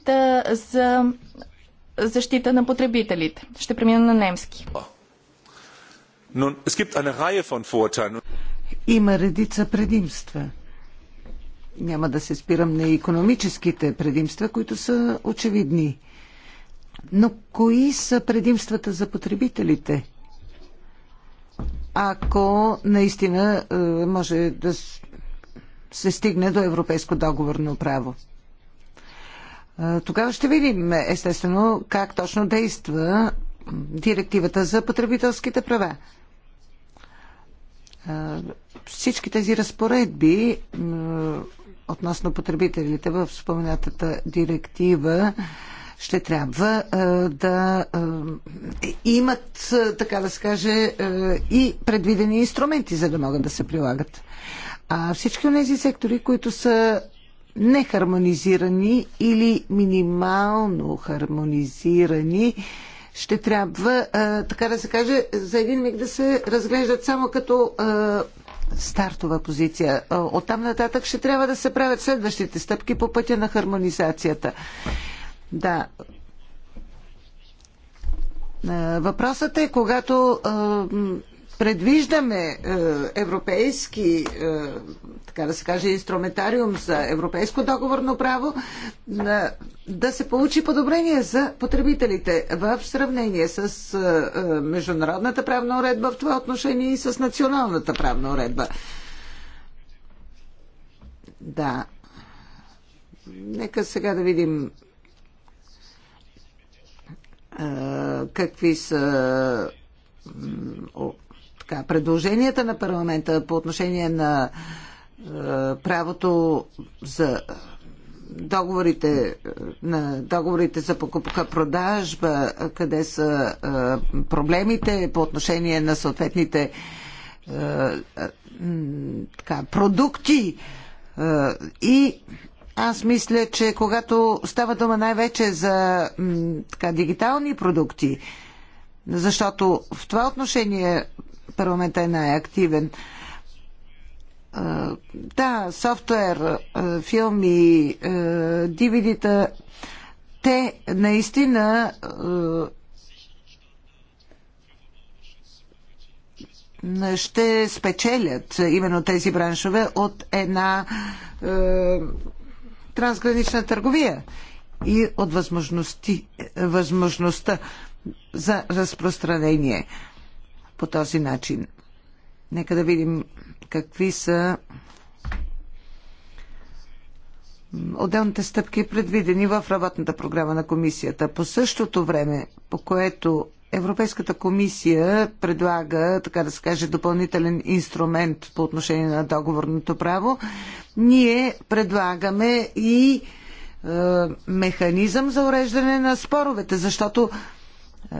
за защита на потребителите. Ще премина на немски има редица предимства. Няма да се спирам на економическите предимства, които са очевидни. Но кои са предимствата за потребителите? Ако наистина е, може да се стигне до европейско договорно право. Е, тогава ще видим, естествено, как точно действа директивата за потребителските права. Всички тези разпоредби относно потребителите в споменатата директива ще трябва да имат, така да се каже, и предвидени инструменти, за да могат да се прилагат. А всички от тези сектори, които са нехармонизирани или минимално хармонизирани, ще трябва, така да се каже, за един миг да се разглеждат само като стартова позиция. Оттам нататък ще трябва да се правят следващите стъпки по пътя на хармонизацията. Да. Въпросът е, когато предвиждаме е, европейски, е, така да се каже, инструментариум за европейско договорно право, е, да се получи подобрение за потребителите в сравнение с международната правна уредба в това отношение и с националната правна уредба. Да. Нека сега да видим какви са така, предложенията на парламента по отношение на е, правото за договорите, е, на договорите за покупка-продажба, къде са е, проблемите по отношение на съответните е, е, така, продукти е, и аз мисля, че когато става дума най-вече за така, дигитални продукти, защото в това отношение парламента е най-активен. Да, софтуер, филми, дивидите, те наистина ще спечелят именно тези браншове от една е, трансгранична търговия и от възможности, възможността за разпространение по този начин. Нека да видим какви са отделните стъпки, предвидени в работната програма на комисията. По същото време, по което Европейската комисия предлага, така да се каже, допълнителен инструмент по отношение на договорното право, ние предлагаме и е, механизъм за уреждане на споровете, защото е,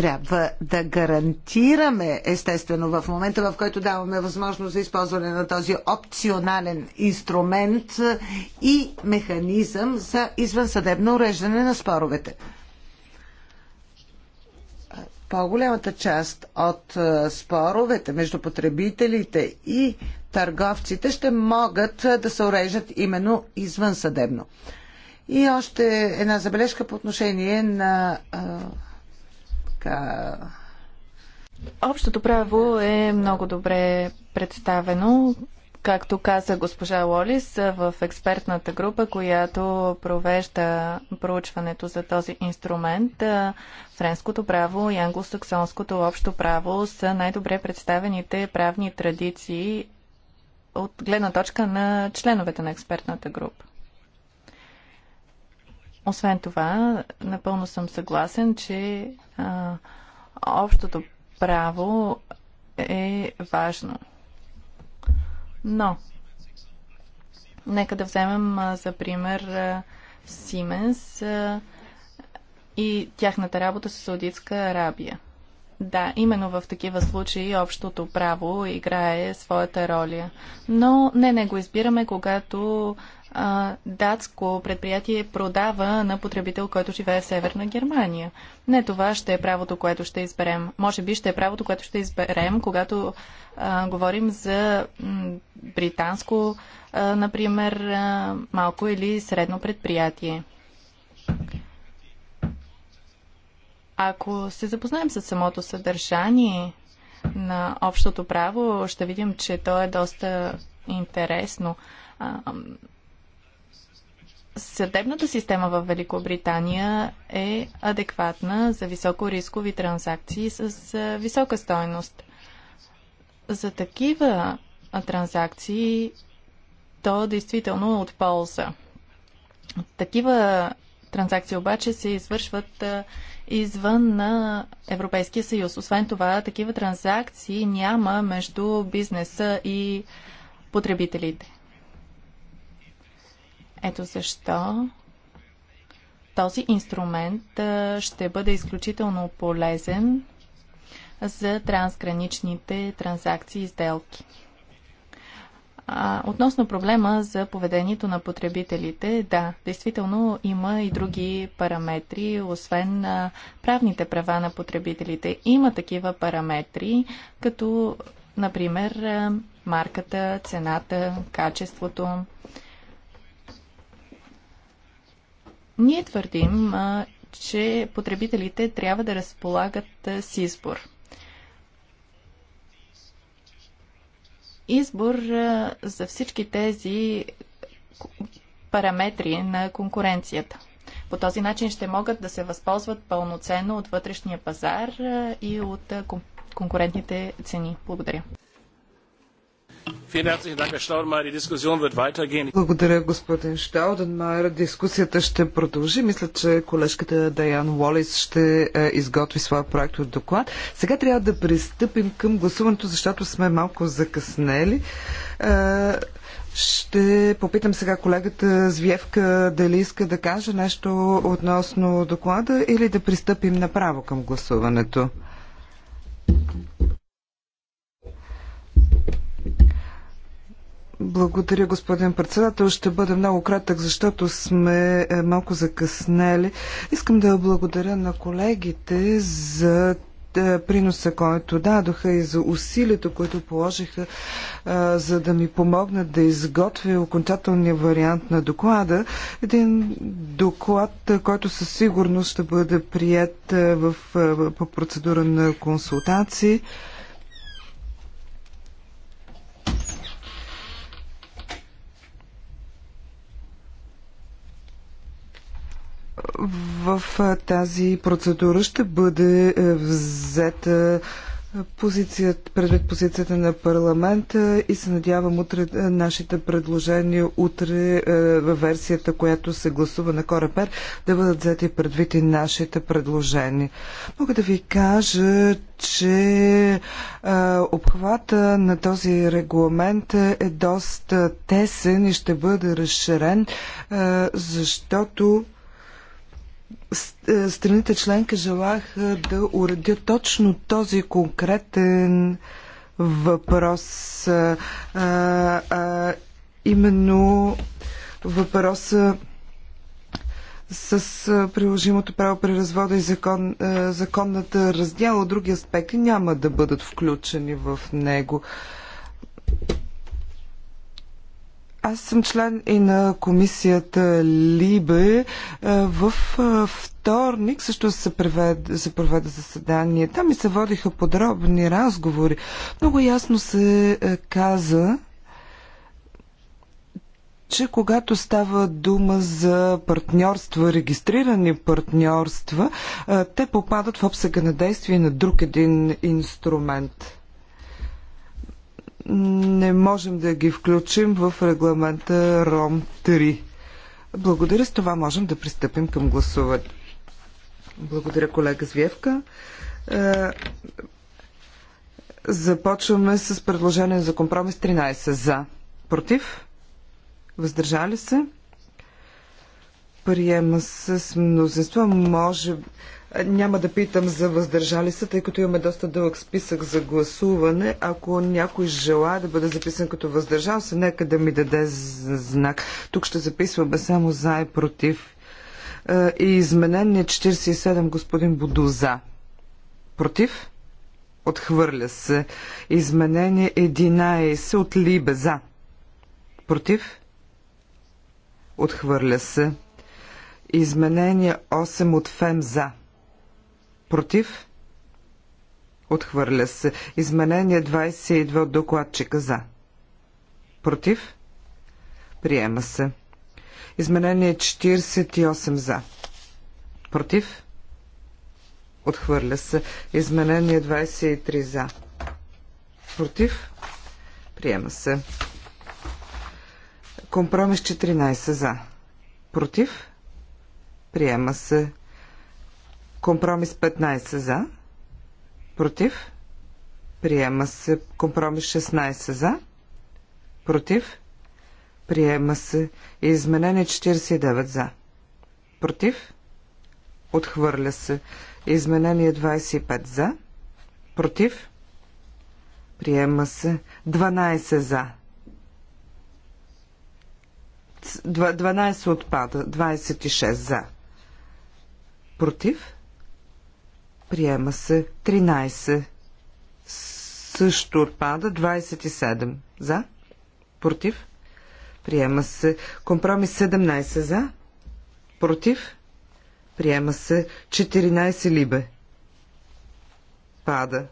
трябва да гарантираме, естествено, в момента, в който даваме възможност за използване на този опционален инструмент и механизъм за извънсъдебно уреждане на споровете. По-голямата част от споровете между потребителите и търговците ще могат да се уреждат именно извънсъдебно. И още една забележка по отношение на така. Общото право е много добре представено. Както каза госпожа Лолис, в експертната група, която провежда проучването за този инструмент, френското право и англосаксонското общо право са най-добре представените правни традиции от гледна точка на членовете на експертната група. Освен това, напълно съм съгласен, че а, общото право е важно. Но, нека да вземем а, за пример а, Сименс а, и тяхната работа с Саудитска Арабия. Да, именно в такива случаи общото право играе своята роля. Но не, не го избираме, когато а, датско предприятие продава на потребител, който живее в Северна Германия. Не това ще е правото, което ще изберем. Може би ще е правото, което ще изберем, когато а, говорим за британско, а, например, а, малко или средно предприятие. Ако се запознаем с самото съдържание на общото право, ще видим, че то е доста интересно съдебната система в Великобритания е адекватна за високорискови транзакции с висока стойност. За такива транзакции то действително е от полза. Такива транзакции обаче се извършват извън на Европейския съюз. Освен това, такива транзакции няма между бизнеса и потребителите. Ето защо този инструмент ще бъде изключително полезен за трансграничните транзакции и сделки. Относно проблема за поведението на потребителите, да, действително има и други параметри, освен правните права на потребителите. Има такива параметри, като, например, марката, цената, качеството. Ние твърдим, че потребителите трябва да разполагат с избор. Избор за всички тези параметри на конкуренцията. По този начин ще могат да се възползват пълноценно от вътрешния пазар и от конкурентните цени. Благодаря. Благодаря, господин Штауденмайер. Дискусията ще продължи. Мисля, че колежката Даян Уолис ще е, изготви своя проект от доклад. Сега трябва да пристъпим към гласуването, защото сме малко закъснели. Е, ще попитам сега колегата Звиевка дали иска да каже нещо относно доклада или да пристъпим направо към гласуването. Благодаря, господин председател. Ще бъда много кратък, защото сме е, малко закъснели. Искам да благодаря на колегите за е, приноса, който дадоха и за усилието, което положиха, е, за да ми помогнат да изготвя окончателния вариант на доклада. Един доклад, който със сигурност ще бъде прият в, по процедура на консултации. в тази процедура ще бъде е, взета предвид позицията на парламента и се надявам утре е, нашите предложения утре е, във версията, която се гласува на Корепер, да бъдат взети предвид и нашите предложения. Мога да ви кажа, че а, обхвата на този регламент е доста тесен и ще бъде разширен, а, защото е, страните членка желаха да уредят точно този конкретен въпрос. А, е, а, е, именно въпроса с приложимото право при развода и закон, законната раздела, други аспекти няма да бъдат включени в него. Аз съм член и на комисията Либе. Е, в е, вторник също се, преведе, се проведе заседание. Там ми се водиха подробни разговори. Много ясно се е, каза, че когато става дума за партньорства, регистрирани партньорства, те попадат в обсега на действие на друг един инструмент не можем да ги включим в регламента РОМ 3. Благодаря, с това можем да пристъпим към гласуване. Благодаря, колега Звиевка. Е, започваме с предложение за компромис 13 за. Против? Въздържали се? Приема се с мнозинство. Може няма да питам за въздържали се, тъй като имаме доста дълъг списък за гласуване. Ако някой желая да бъде записан като въздържал се, нека да ми даде знак. Тук ще записваме само за и против. Е, и изменение 47 господин Будуза. за. Против? Отхвърля се. Изменение 11 от Либе за. Против? Отхвърля се. Изменение 8 от ФЕМ за Против? Отхвърля се. Изменение 22 от докладчика за. Против? Приема се. Изменение 48 за. Против? Отхвърля се. Изменение 23 за. Против? Приема се. Компромис 14 за. Против? Приема се. Компромис 15 за. Против. Приема се. Компромис 16 за. Против. Приема се. Изменение 49 за. Против. Отхвърля се. Изменение 25 за. Против. Приема се. 12 за. 12 отпада. 26 за. Против. Приема се. 13. Също отпада. 27. За. Против. Приема се. Компромис 17. За. Против. Приема се. 14 либе. Пада.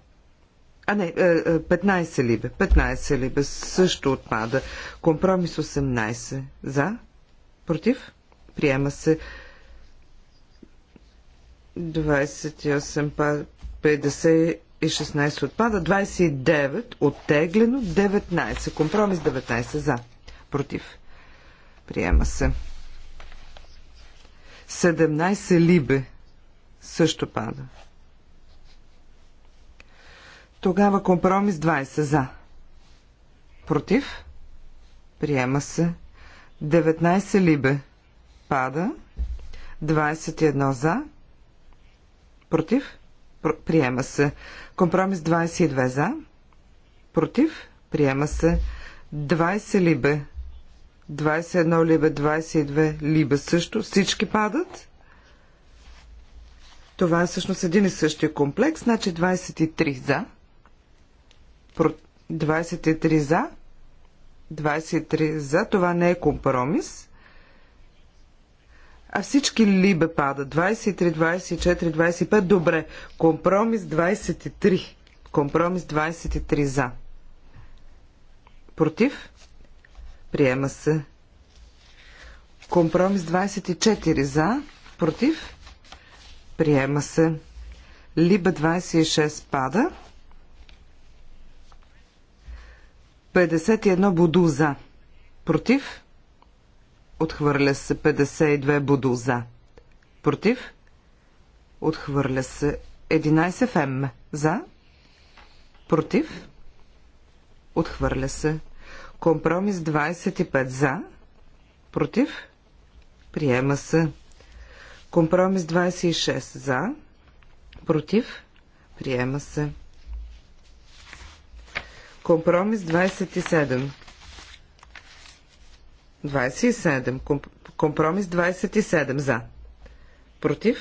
А не, 15 е, е, либе. 15 либе също отпада. Компромис 18. За. Против. Приема се. 28 50 и 16 отпада, 29 оттеглено, 19. Компромис 19 за. Против. Приема се. 17 либе също пада. Тогава компромис 20 за. Против. Приема се. 19 либе пада. 21 за. Против? Приема се. Компромис 22 за. Против? Приема се. 20 либе. 21 либе, 22 либе също. Всички падат. Това е всъщност един и същия комплекс, значи 23 за. 23 за. 23 за. Това не е компромис. А всички либе пада. 23, 24, 25. Добре. Компромис 23. Компромис 23 за. Против? Приема се. Компромис 24 за. Против? Приема се. Либа 26 пада. 51 буду за. Против? Отхвърля се 52 будуза. Против. Отхвърля се 11 фем. за. Против. Отхвърля се. Компромис 25 за. Против. Приема се. Компромис 26 за. Против. Приема се. Компромис 27 27. Компромис 27 за. Против.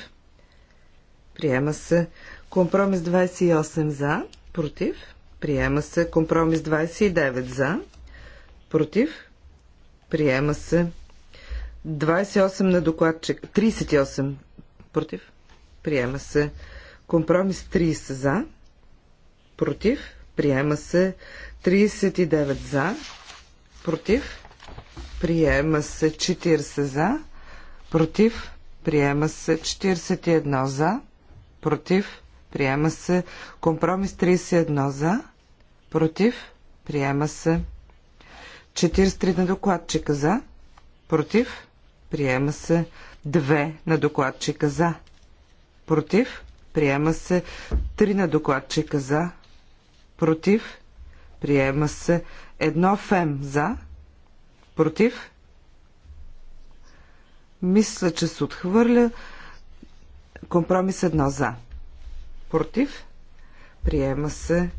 Приема се. Компромис 28 за. Против. Приема се. Компромис 29 за. Против. Приема се. 28 на докладчик. 38 против. Приема се. Компромис 30 за. Против. Приема се. 39 за. Против. Приема се 40 за. Против. Приема се 41 за. Против. Приема се компромис 31 за. Против. Приема се 43 на докладчика за. Против. Приема се 2 на докладчика за. Против. Приема се 3 на докладчика за. Против. Приема се 1 фем за. Против? Мисля, че се отхвърля. Компромис едно за. Против? Приема се.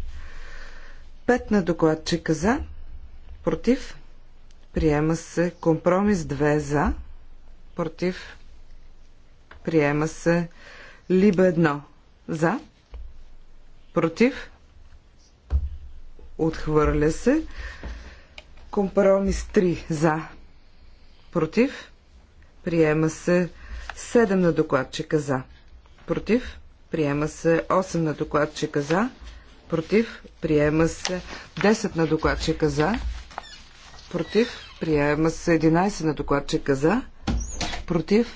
Пет на докладчика за. Против? Приема се. Компромис 2 за. Против? Приема се. Либа едно за. Против? Отхвърля се. Компромис 3 за. Против. Приема се 7 на докладчика за. Против. Приема се 8 на докладчика за. Против. Приема се 10 на докладчика за. Против. Приема се 11 на докладчика за. Против.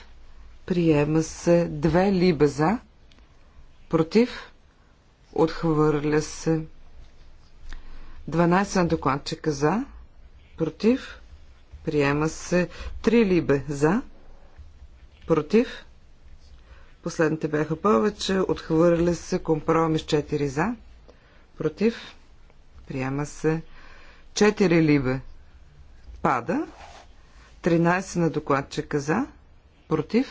Приема се 2 либа за. Против. Отхвърля се 12 на докладчика за. Против. Приема се 3 либе за. Против. Последните бяха повече. Отхвърля се компромис 4 за. Против. Приема се 4 либе. Пада. 13 на докладчика за. Против.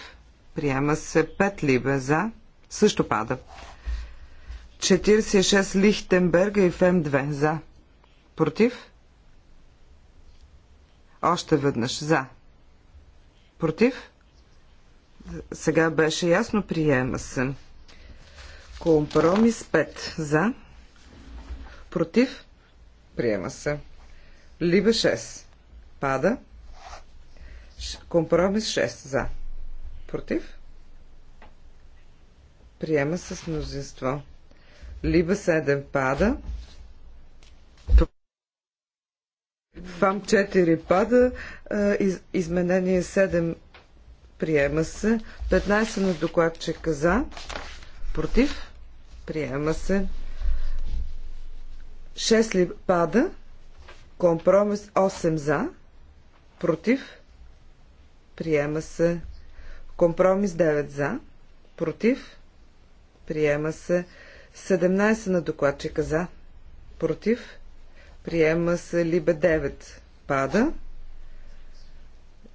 Приема се 5 либе за. Също пада. 46 Лихтенберга и ФМ2 за. Против. Още веднъж за. Против? Сега беше ясно, приема се. Компромис 5 за. Против? Приема се. Либе 6. Пада. Компромис 6 за. Против? Приема се с мнозинство. Либе 7 пада. ФАМ 4 пада, из, изменение 7 приема се, 15 на докладчика за, против, приема се, 6 ли пада, компромис 8 за, против, приема се, компромис 9 за, против, приема се, 17 на докладчика за, против, Приема се Либе 9. Пада.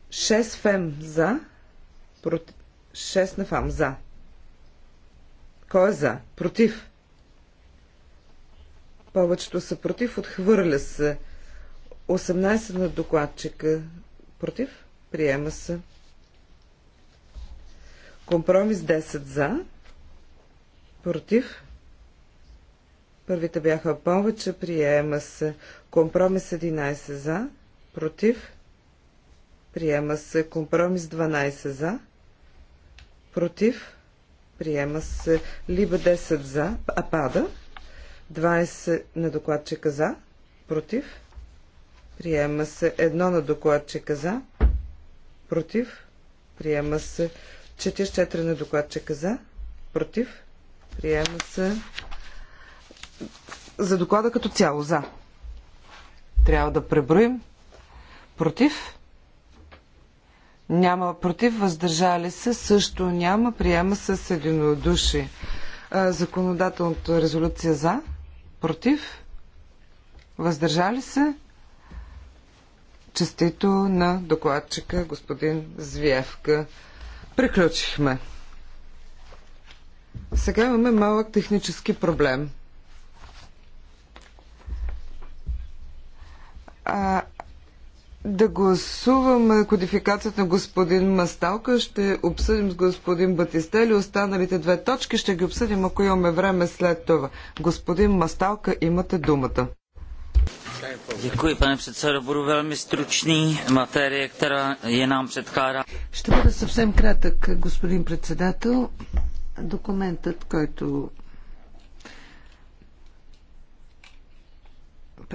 6 фем за. Проти... 6 на фам за. Кой е за? Против. Повечето са против. Отхвърля се. 18 на докладчика. Против. Приема се. Компромис 10 за. Против. Първите бяха повече, приема се. Компромис 11 за, против, приема се. Компромис 12 за, против, приема се. Либо 10 за, а пада. 20 на докладчика за, против, приема се. Едно на докладчика за, против, приема се. 44 на докладчика за, против, приема се за доклада като цяло. За. Трябва да преброим. Против? Няма против. Въздържали се? Също няма. Приема с единодушие. Законодателната резолюция за. Против? Въздържали се? Честито на докладчика господин Звиевка. Приключихме. Сега имаме малък технически проблем. а, да гласуваме кодификацията на господин Масталка, ще обсъдим с господин Батистели останалите две точки, ще ги обсъдим, ако имаме време след това. Господин Масталка, имате думата. Děkuji, pane předsedo. Budu velmi stručný. Materie, která je nám předkládá. Ще бъда съвсем кратък, господин председател. Документът, който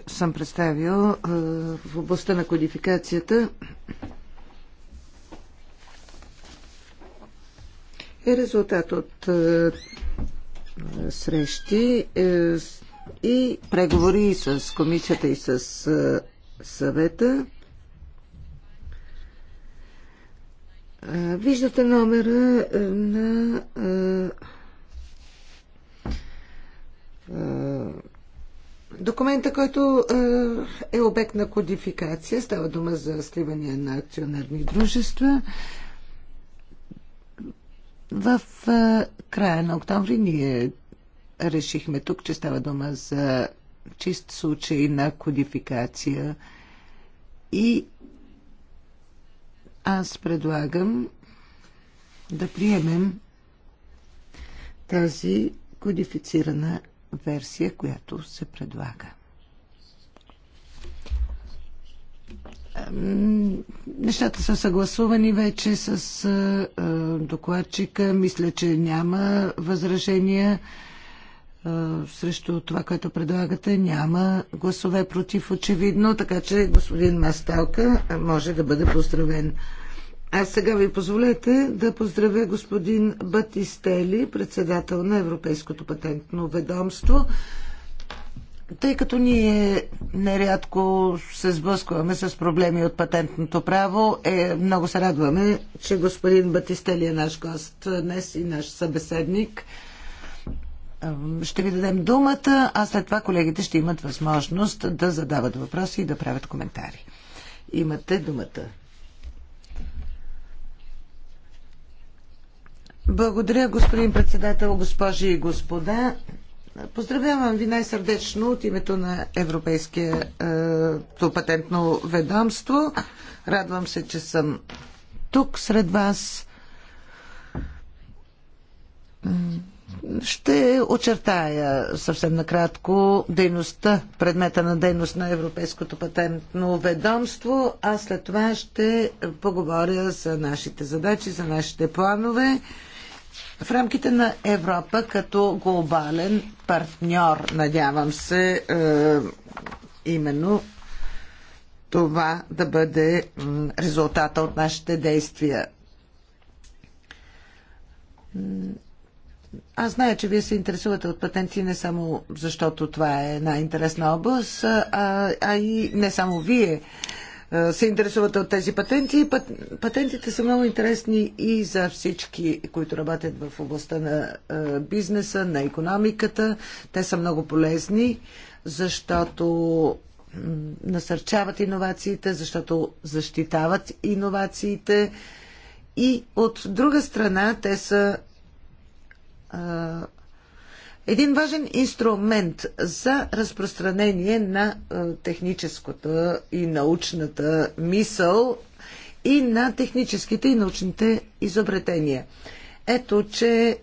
съм представил в областта на кодификацията е резултат от срещи е, и преговори с комисията и с съвета. Виждате номера на Документа, който е, е обект на кодификация, става дума за сливания на акционерни дружества. В е, края на октомври ние решихме тук, че става дума за чист случай на кодификация и аз предлагам да приемем тази кодифицирана версия, която се предлага. Нещата са съгласувани вече с докладчика. Мисля, че няма възражения срещу това, което предлагате. Няма гласове против, очевидно, така че господин Масталка може да бъде поздравен. А сега ви позволете да поздравя господин Батистели, председател на Европейското патентно ведомство. Тъй като ние нерядко се сблъскваме с проблеми от патентното право, е, много се радваме, че господин Батистели е наш гост днес и наш събеседник. Ще ви дадем думата, а след това колегите ще имат възможност да задават въпроси и да правят коментари. Имате думата. Благодаря, господин председател, госпожи и господа. Поздравявам ви най-сърдечно от името на Европейския е, патентно ведомство. Радвам се, че съм тук сред вас. Ще очертая съвсем накратко дейността, предмета на дейност на Европейското патентно ведомство, а след това ще поговоря за нашите задачи, за нашите планове в рамките на Европа като глобален партньор. Надявам се е, именно това да бъде резултата от нашите действия. Аз зная, че вие се интересувате от патенти не само защото това е най интересна област, а, а и не само вие. Е, се интересуват от тези патенти. Патентите са много интересни и за всички, които работят в областта на е, бизнеса, на економиката. Те са много полезни, защото насърчават иновациите, защото защитават иновациите. И от друга страна, те са е, един важен инструмент за разпространение на е, техническата и научната мисъл и на техническите и научните изобретения. Ето, че е,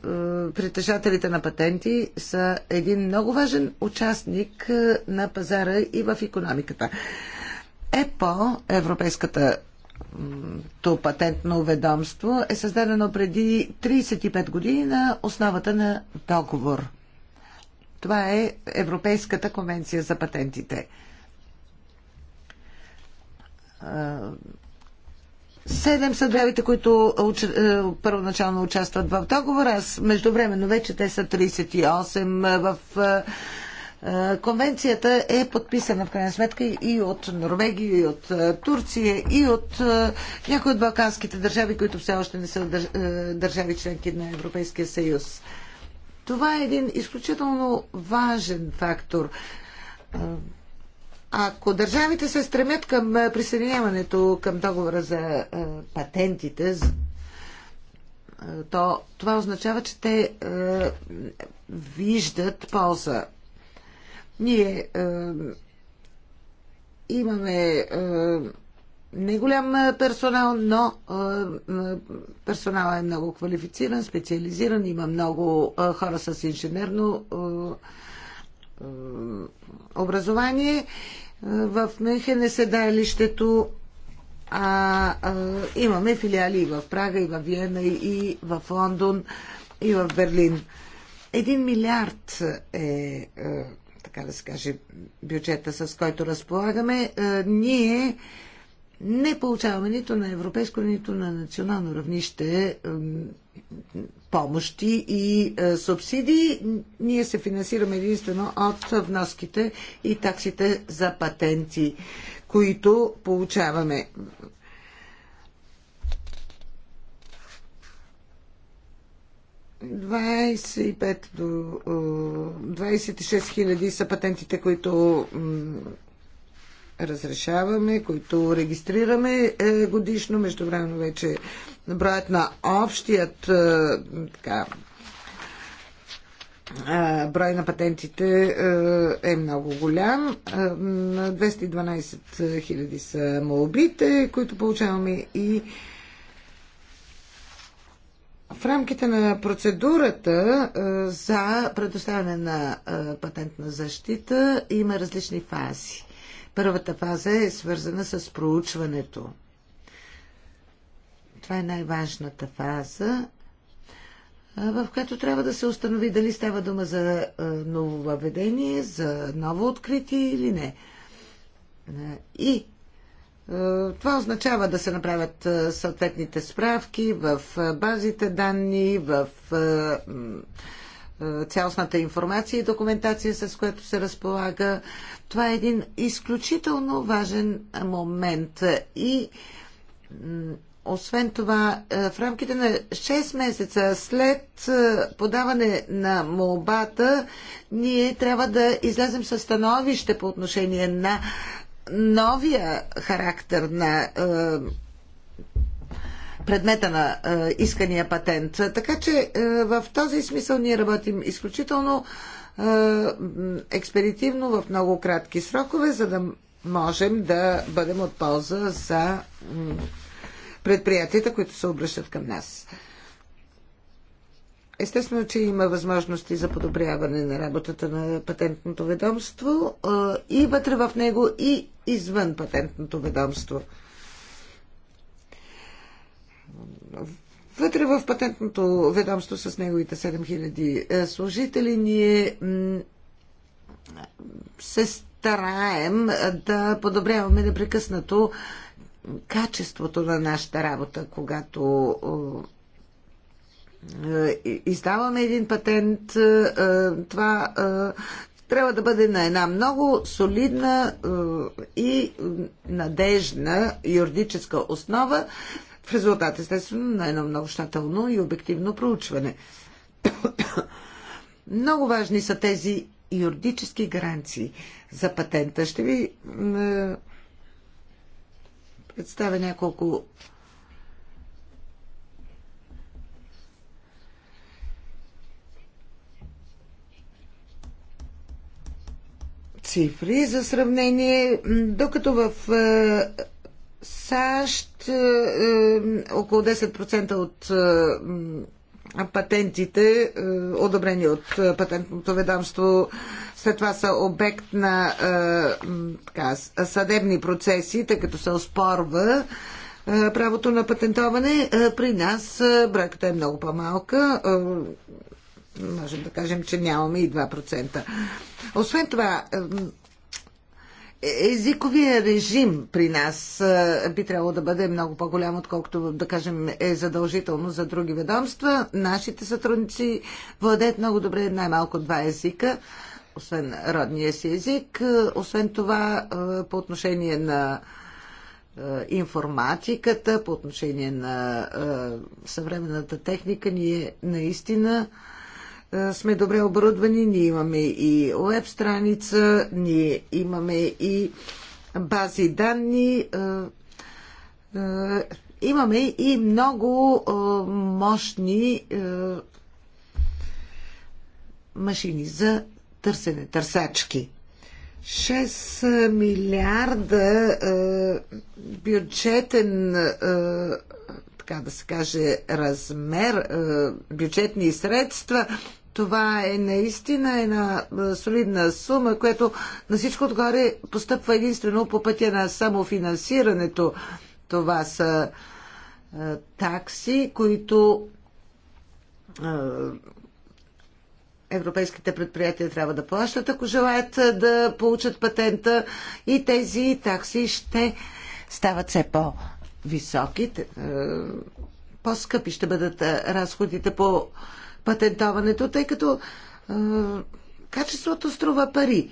притежателите на патенти са един много важен участник е, на пазара и в економиката. ЕПО, Европейската то патентно ведомство е създадено преди 35 години на основата на договор. Това е Европейската конвенция за патентите. Седем са държавите, които е, първоначално участват в договора. Аз междувременно вече те са 38 е, в е, Конвенцията е подписана в крайна сметка и от Норвегия, и от Турция, и от някои от балканските държави, които все още не са държави членки на Европейския съюз. Това е един изключително важен фактор. Ако държавите се стремят към присъединяването към договора за патентите, то това означава, че те виждат полза. Ние имаме не голям персонал, но персонал е много квалифициран, специализиран, има много хора с инженерно образование. В Мюнхен е седалището, а, а имаме филиали и в Прага, и в Виена, и в Лондон, и в Берлин. Един милиард е, така да се каже, бюджета, с който разполагаме. Ние не получаваме нито на европейско, нито на национално равнище помощи и е, субсидии. Ние се финансираме единствено от вноските и таксите за патенти, които получаваме. до 26 е, хиляди са патентите, които разрешаваме, които регистрираме е, годишно. Междувременно вече броят на общият е, така, е, брой на патентите е много голям. 212 000 са молбите, които получаваме и в рамките на процедурата за предоставяне на патентна защита има различни фази. Първата фаза е свързана с проучването. Това е най-важната фаза, в която трябва да се установи дали става дума за ново въведение, за ново откритие или не. И това означава да се направят съответните справки в базите данни, в цялостната информация и документация, с която се разполага. Това е един изключително важен момент и освен това, е, в рамките на 6 месеца след е, подаване на молбата, ние трябва да излезем със становище по отношение на новия характер на е, предмета на е, искания патент. Така че е, в този смисъл ние работим изключително е, експедитивно в много кратки срокове, за да можем да бъдем от полза за предприятията, които се обръщат към нас. Естествено, че има възможности за подобряване на работата на патентното ведомство и вътре в него, и извън патентното ведомство вътре в патентното ведомство с неговите 7000 е, служители ние се стараем е, да подобряваме непрекъснато качеството на нашата работа, когато е, издаваме един патент, това трябва да бъде на една много солидна и надежна юридическа основа, в резултат естествено на едно много щателно и обективно проучване. *coughs* много важни са тези юридически гаранции за патента. Ще ви е, представя няколко цифри за сравнение, докато в е, САЩ е, е, около 10% от е, патентите, одобрени от патентното ведомство, след това са обект на така, съдебни процеси, тъй като се оспорва правото на патентоване. При нас бройката е много по-малка. Можем да кажем, че нямаме и 2%. Освен това, езиковия режим при нас би трябвало да бъде много по-голям, отколкото, да кажем, е задължително за други ведомства. Нашите сътрудници владеят много добре най-малко два езика, освен родния си език. Освен това, по отношение на информатиката, по отношение на съвременната техника, ние наистина е, сме добре оборудвани, ние имаме и веб страница, ние имаме и бази данни, е, е, имаме и много мощни машини за търсене, търсачки. 6 милиарда бюджетен така да се каже, размер, бюджетни средства това е наистина една солидна сума, която на всичко отгоре постъпва единствено по пътя на самофинансирането. Това са такси, които европейските предприятия трябва да плащат, ако желаят да получат патента и тези такси ще стават все по-високи, по-скъпи ще бъдат разходите по патентоването, тъй като е, качеството струва пари.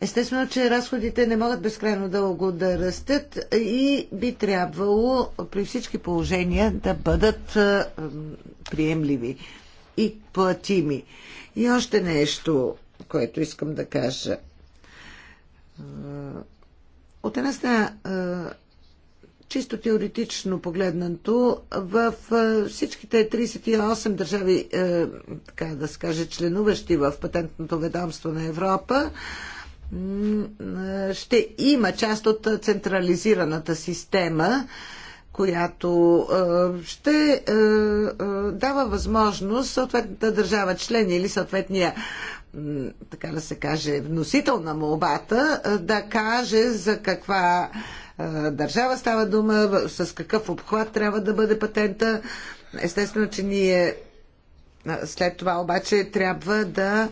Естествено, че разходите не могат безкрайно дълго да растат и би трябвало при всички положения да бъдат е, приемливи и платими. И още нещо, което искам да кажа. От една страна, чисто теоретично погледнато, в всичките 38 държави, е, така да се каже, членуващи в патентното ведомство на Европа, е, ще има част от централизираната система, която е, ще дава възможност съответната държава член или съответния така да се каже, вносител на молбата да каже за каква държава става дума, с какъв обхват трябва да бъде патента. Естествено, че ние след това обаче трябва да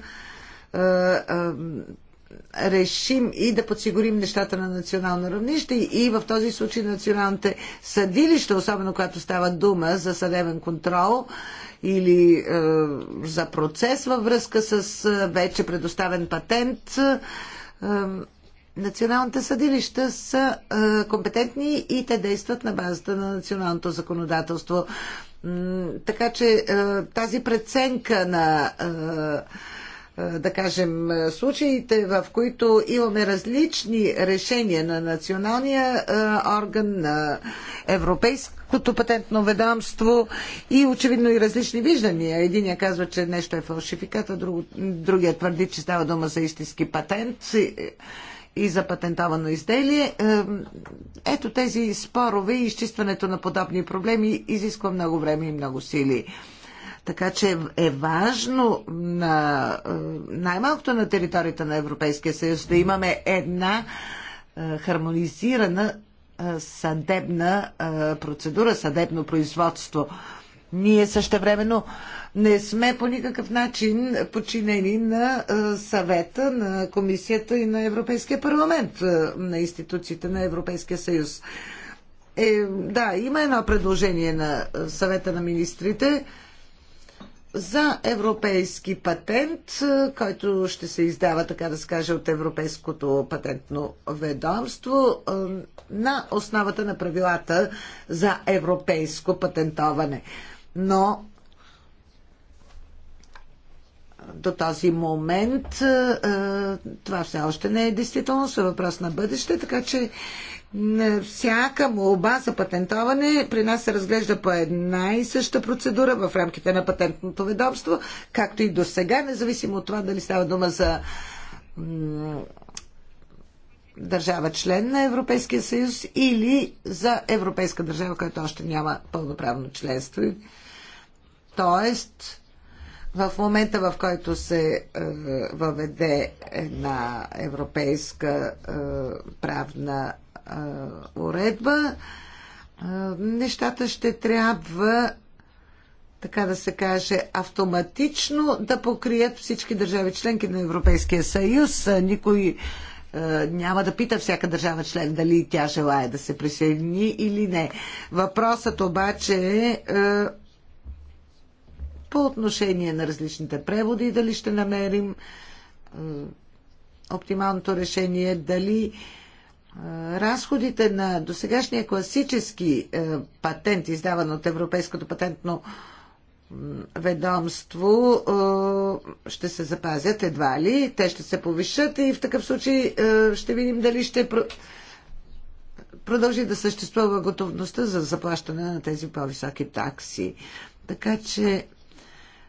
решим и да подсигурим нещата на национално равнище и в този случай националните съдилища, особено когато става дума за съдебен контрол или е, за процес във връзка с вече предоставен патент, е, Националните съдилища са а, е, компетентни и те действат на базата на националното законодателство. така че е, тази преценка на. Е, да кажем, случаите, в които имаме различни решения на националния орган, на Европейското патентно ведомство и очевидно и различни виждания. Единия казва, че нещо е фалшификата, другия твърди, че става дума за истински патент и за патентовано изделие. Ето тези спорове и изчистването на подобни проблеми изисква много време и много сили. Така че е важно на, най-малкото на територията на Европейския съюз да имаме една е, хармонизирана е, съдебна е, процедура, съдебно производство – ние същевременно не сме по никакъв начин подчинени на съвета, на комисията и на Европейския парламент, на институциите на Европейския съюз. Е, да, има едно предложение на съвета на министрите за европейски патент, който ще се издава, така да се каже, от Европейското патентно ведомство на основата на правилата за европейско патентоване но до този момент е, това все още не е действително, са въпрос на бъдеще, така че всяка молба за патентоване при нас се разглежда по една и съща процедура в рамките на патентното ведомство, както и до сега, независимо от това дали става дума за държава член на Европейския съюз или за европейска държава, която още няма пълноправно членство. Тоест, в момента в който се е, въведе една европейска е, правна е, уредба, нещата ще трябва така да се каже, автоматично да покрият всички държави членки на Европейския съюз. Никой е, няма да пита всяка държава член дали тя желая да се присъедини или не. Въпросът обаче е, по отношение на различните преводи, дали ще намерим оптималното решение, дали разходите на досегашния класически патент, издаван от Европейското патентно ведомство ще се запазят едва ли, те ще се повишат и в такъв случай ще видим дали ще продължи да съществува готовността за заплащане на тези по-високи такси. Така че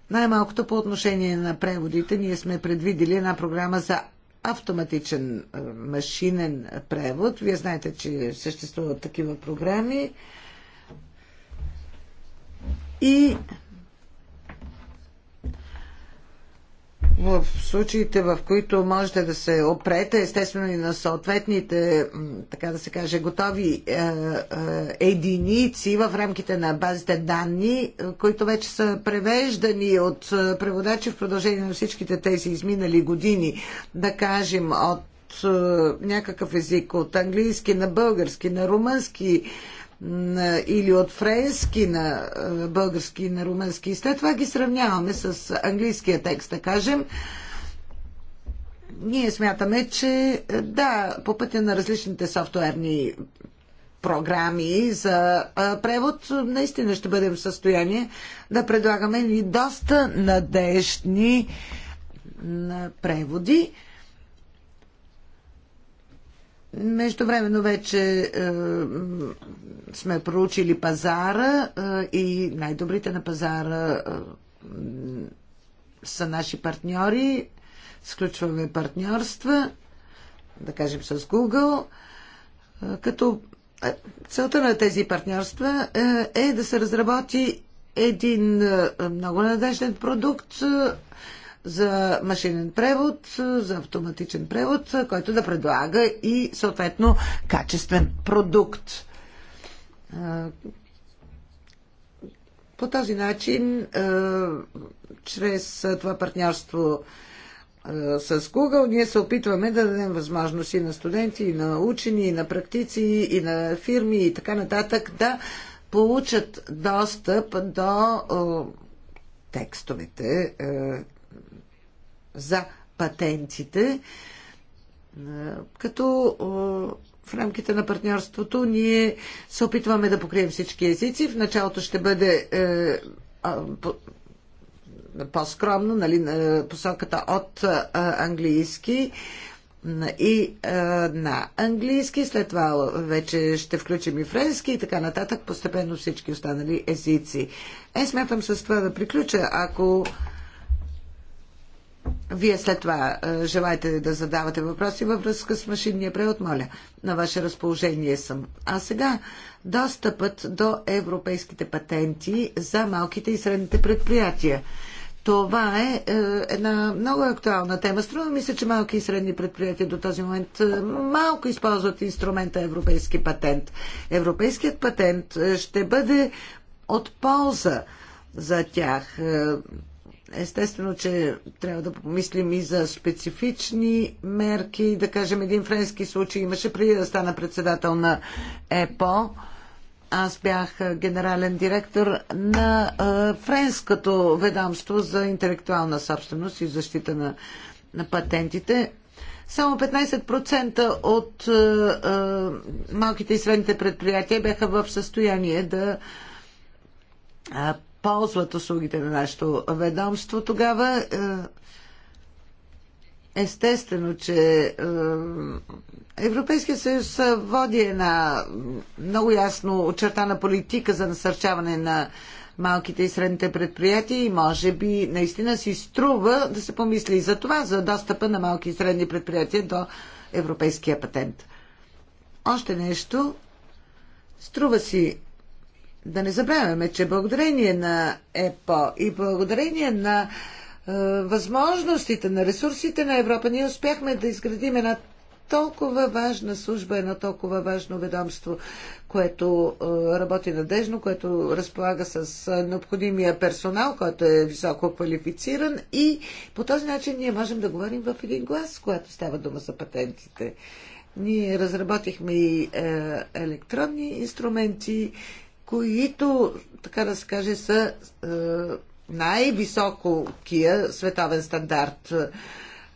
най-малкото по отношение на преводите ние сме предвидили една програма за автоматичен е, машинен превод. Вие знаете, че съществуват такива програми. И в случаите, в които можете да се опрете, естествено и на съответните, така да се каже, готови е, е, единици в рамките на базите данни, които вече са превеждани от е, преводачи в продължение на всичките тези изминали години, да кажем, от някакъв език, от английски на български, на румънски, или от френски на е, български и на румънски. И след това ги сравняваме с английския текст, да кажем. Ние смятаме, че е, да, по пътя на различните софтуерни програми за е, превод, наистина ще бъдем в състояние да предлагаме ни доста надежни преводи. Междувременно вече сме проучили пазара и най-добрите на пазара са наши партньори. Сключваме партньорства, да кажем с Google, като целта на тези партньорства е да се разработи един много надежден продукт за машинен превод, за автоматичен превод, който да предлага и съответно качествен продукт. По този начин, чрез това партньорство с Google, ние се опитваме да дадем възможност и на студенти, и на учени, и на практици, и на фирми, и така нататък, да получат достъп до текстовете за патентите, като в рамките на партньорството ние се опитваме да покрием всички езици. В началото ще бъде е, по, по-скромно, нали, посоката от а, е, английски и а, е, на английски, след това вече ще включим и френски и така нататък, постепенно всички останали езици. Е, смятам с това да приключа. Ако вие след това е, желаете да задавате въпроси във връзка с машинния превод, моля. На ваше разположение съм. А сега достъпът до европейските патенти за малките и средните предприятия. Това е, е една много актуална тема. Струва ми се, че малки и средни предприятия до този момент е, малко използват инструмента европейски патент. Европейският патент ще бъде от полза за тях. Естествено, че трябва да помислим и за специфични мерки. Да кажем, един френски случай имаше преди да стана председател на ЕПО. Аз бях генерален директор на Френското ведомство за интелектуална собственост и защита на, на патентите. Само 15% от малките и средните предприятия бяха в състояние да ползват услугите на нашето ведомство, тогава е, естествено, че е, Европейския съюз води една много ясно очертана политика за насърчаване на малките и средните предприятия и може би наистина си струва да се помисли и за това, за достъпа на малки и средни предприятия до европейския патент. Още нещо. Струва си да не забравяме, че благодарение на ЕПО и благодарение на е, възможностите, на ресурсите на Европа, ние успяхме да изградим една толкова важна служба, едно толкова важно ведомство, което е, работи надежно, което разполага с е, необходимия персонал, който е високо квалифициран и по този начин ние можем да говорим в един глас, когато става дума за патентите. Ние разработихме и е, електронни инструменти, които, така да се каже, са е, най кия световен стандарт.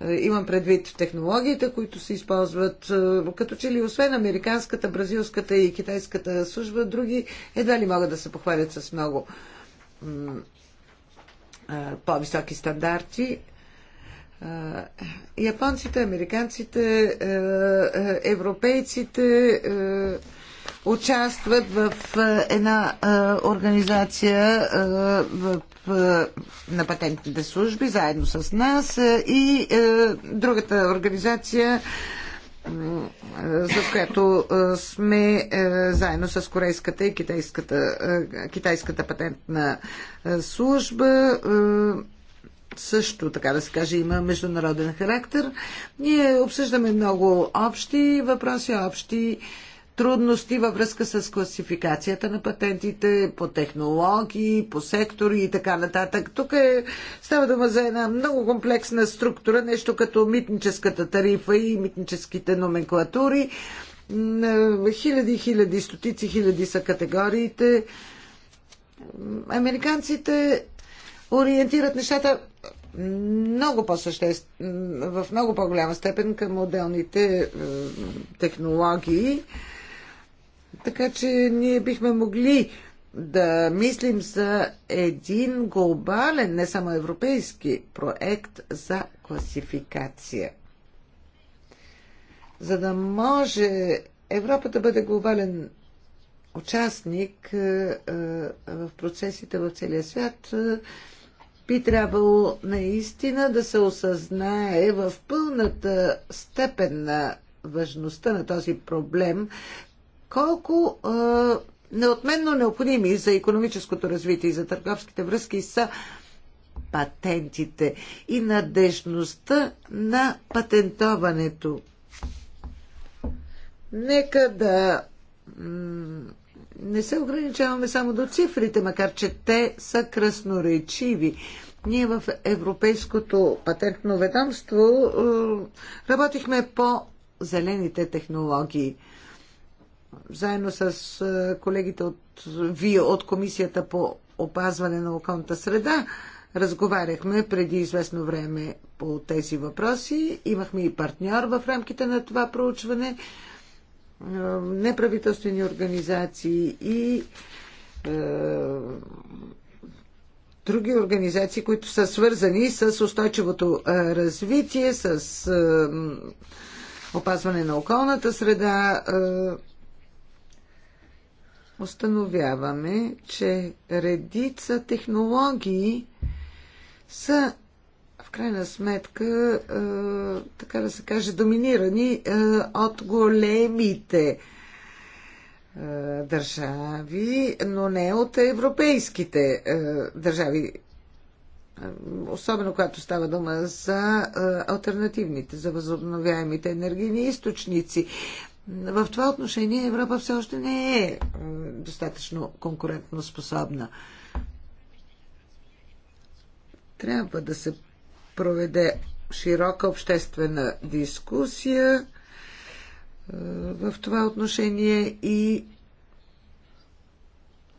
Е, имам предвид технологията, които се използват, е, като че ли освен американската, бразилската и китайската служба, други едва ли могат да се похвалят с много по-високи стандарти. Японците, американците, европейците участват в една организация в, на патентните служби заедно с нас и другата организация за която сме заедно с корейската и китайската, китайската патентна служба. Също, така да се каже, има международен характер. Ние обсъждаме много общи въпроси, общи трудности във връзка с класификацията на патентите, по технологии, по сектори и така нататък. Тук е, става дума за една много комплексна структура, нещо като митническата тарифа и митническите номенклатури. Е, хиляди, хиляди, стотици, хиляди са категориите. Американците ориентират нещата много по-съществено, в много по-голяма степен към отделните е, технологии. Така че ние бихме могли да мислим за един глобален, не само европейски проект за класификация. За да може Европа да бъде глобален участник е, е, в процесите в целия свят, е, би трябвало наистина да се осъзнае в пълната степен на важността на този проблем, колко неотменно необходими за економическото развитие и за търговските връзки са патентите и надежността на патентоването. Нека да не се ограничаваме само до цифрите, макар че те са красноречиви. Ние в Европейското патентно ведомство работихме по зелените технологии – заедно с колегите от Вие от Комисията по опазване на околната среда, разговаряхме преди известно време по тези въпроси. Имахме и партньор в рамките на това проучване, неправителствени организации и е, други организации, които са свързани с устойчивото развитие, с е, опазване на околната среда. Е, установяваме, че редица технологии са в крайна сметка, е, така да се каже, доминирани е, от големите е, държави, но не от европейските държави. Особено когато става дума за альтернативните, за възобновяемите енергийни източници. В това отношение Европа все още не е, е достатъчно конкурентно способна. Трябва да се проведе широка обществена дискусия е, в това отношение и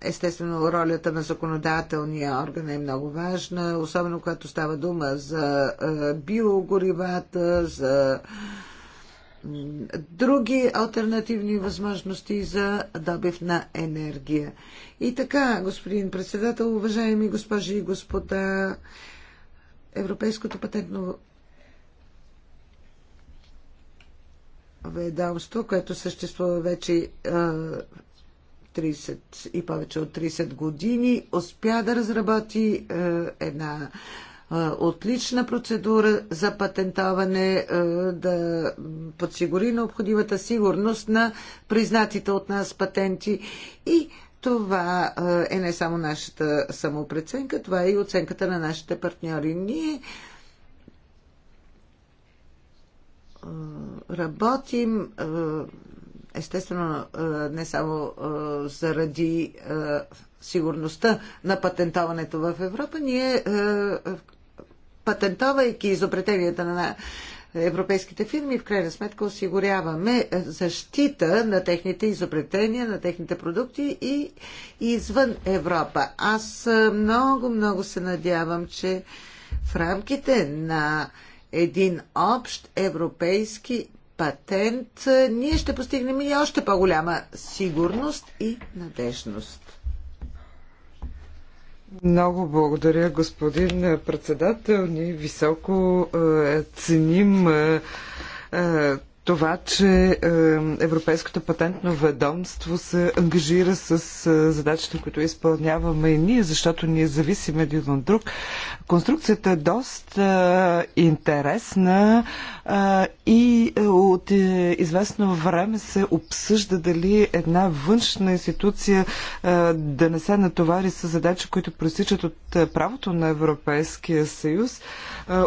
естествено ролята на законодателния орган е много важна, особено когато става дума за е, биогоривата, за други альтернативни възможности за добив на енергия. И така, господин председател, уважаеми госпожи и господа, Европейското патентно ведомство, което съществува вече 30 и повече от 30 години, успя да разработи една отлична процедура за патентоване, да подсигури необходимата сигурност на признатите от нас патенти и това е не само нашата самопреценка, това е и оценката на нашите партньори. Ние работим естествено не само заради сигурността на патентоването в Европа, ние патентовайки изобретенията на европейските фирми, в крайна сметка осигуряваме защита на техните изобретения, на техните продукти и извън Европа. Аз много, много се надявам, че в рамките на един общ европейски патент ние ще постигнем и още по-голяма сигурност и надежност. Много благодаря, господин председател. Ние високо е, ценим е, е, това, че е, Европейското патентно ведомство се ангажира с е, задачите, които изпълняваме и ние, защото ние зависим един от друг. Конструкцията е доста е, интересна и от известно време се обсъжда дали една външна институция да не се натовари с задачи, които проистичат от правото на Европейския съюз.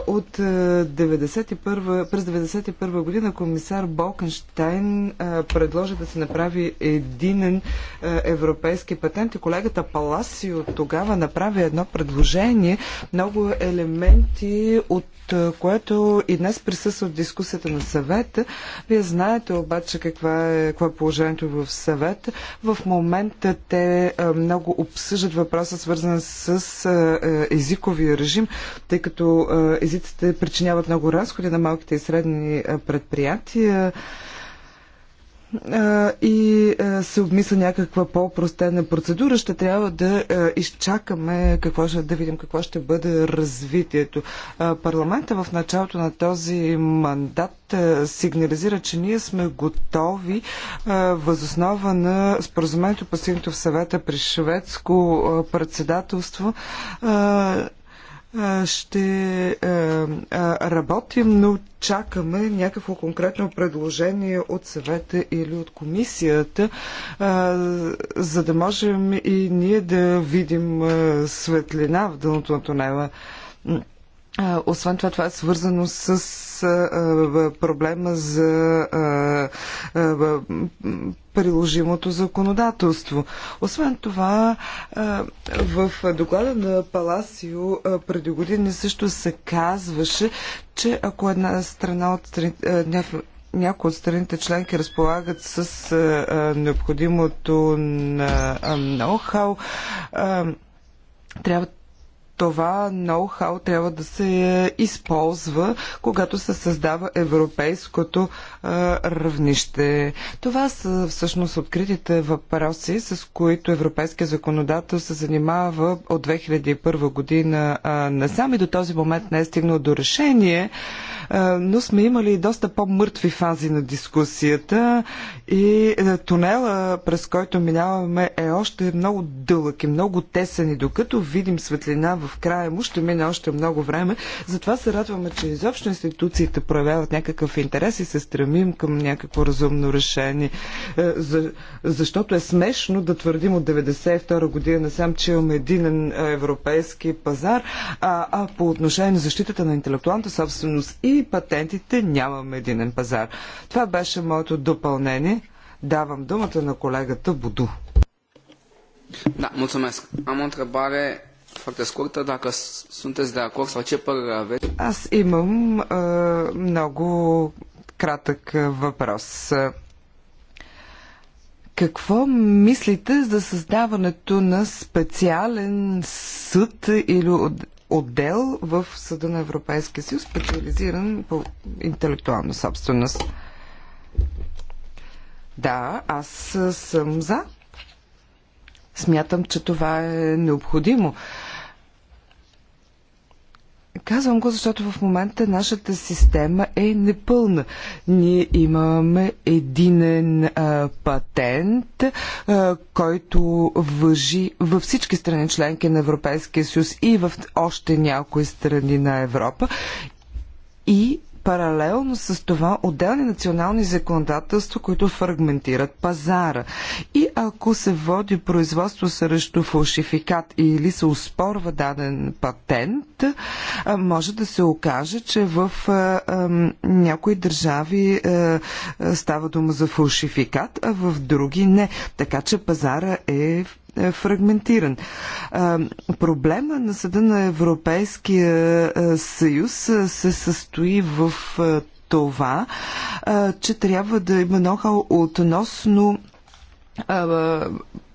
От 91, през 1991 година комисията комисар Болкенштайн предложи да се направи единен европейски патент и колегата Паласио от тогава направи едно предложение, много елементи от което и днес присъства в дискусията на съвета. Вие знаете обаче каква е, какво е положението в съвета. В момента те много обсъждат въпроса, свързан с езиковия режим, тъй като езиците причиняват много разходи на малките и средни предприятия комисия и се обмисля някаква по-простена процедура, ще трябва да изчакаме какво ще, да видим какво ще бъде развитието. Парламента в началото на този мандат сигнализира, че ние сме готови възоснова на споразумението по в съвета при шведско председателство ще работим, но чакаме някакво конкретно предложение от съвета или от комисията, за да можем и ние да видим светлина в дъното на тунела освен това, това е свързано с проблема за приложимото законодателство. Освен това, в доклада на Паласио преди години също се казваше, че ако една страна от някои от страните членки разполагат с необходимото на ноу-хау, трябва това ноу-хау трябва да се е, използва, когато се създава европейското е, равнище. Това са всъщност откритите въпроси, с които европейския законодател се занимава от 2001 година а, насам и до този момент не е стигнал до решение, е, но сме имали доста по-мъртви фази на дискусията и тунела, през който минаваме, е още много дълъг и много тесен и докато видим светлина в в края му ще мине още много време. Затова се радваме, че изобщо институциите проявяват някакъв интерес и се стремим към някакво разумно решение. Е, за, защото е смешно да твърдим от 1992 година насам, че имаме един е, европейски пазар, а, а по отношение на защитата на интелектуалната собственост и патентите нямаме единен пазар. Това беше моето допълнение. Давам думата на колегата Буду. Да, mulțumesc. Am o întrebare foarte scurtă, dacă sunteți de acord sau ce părere aveți. Аз имам много кратък въпрос. Какво мислите за създаването на специален съд или отдел в Съда на Европейския съюз, специализиран по интелектуална собственост? Да, аз съм за. Смятам, че това е необходимо. Казвам го, защото в момента нашата система е непълна. Ние имаме единен а, патент, а, който въжи във всички страни членки на Европейския съюз и в още някои страни на Европа. И паралелно с това отделни национални законодателства, които фрагментират пазара. И ако се води производство срещу фалшификат или се успорва даден патент, може да се окаже, че в някои държави става дума за фалшификат, а в други не. Така че пазара е е, фрагментиран. Е, проблема на Съда на Европейския е, съюз се състои в това, че трябва да има много относно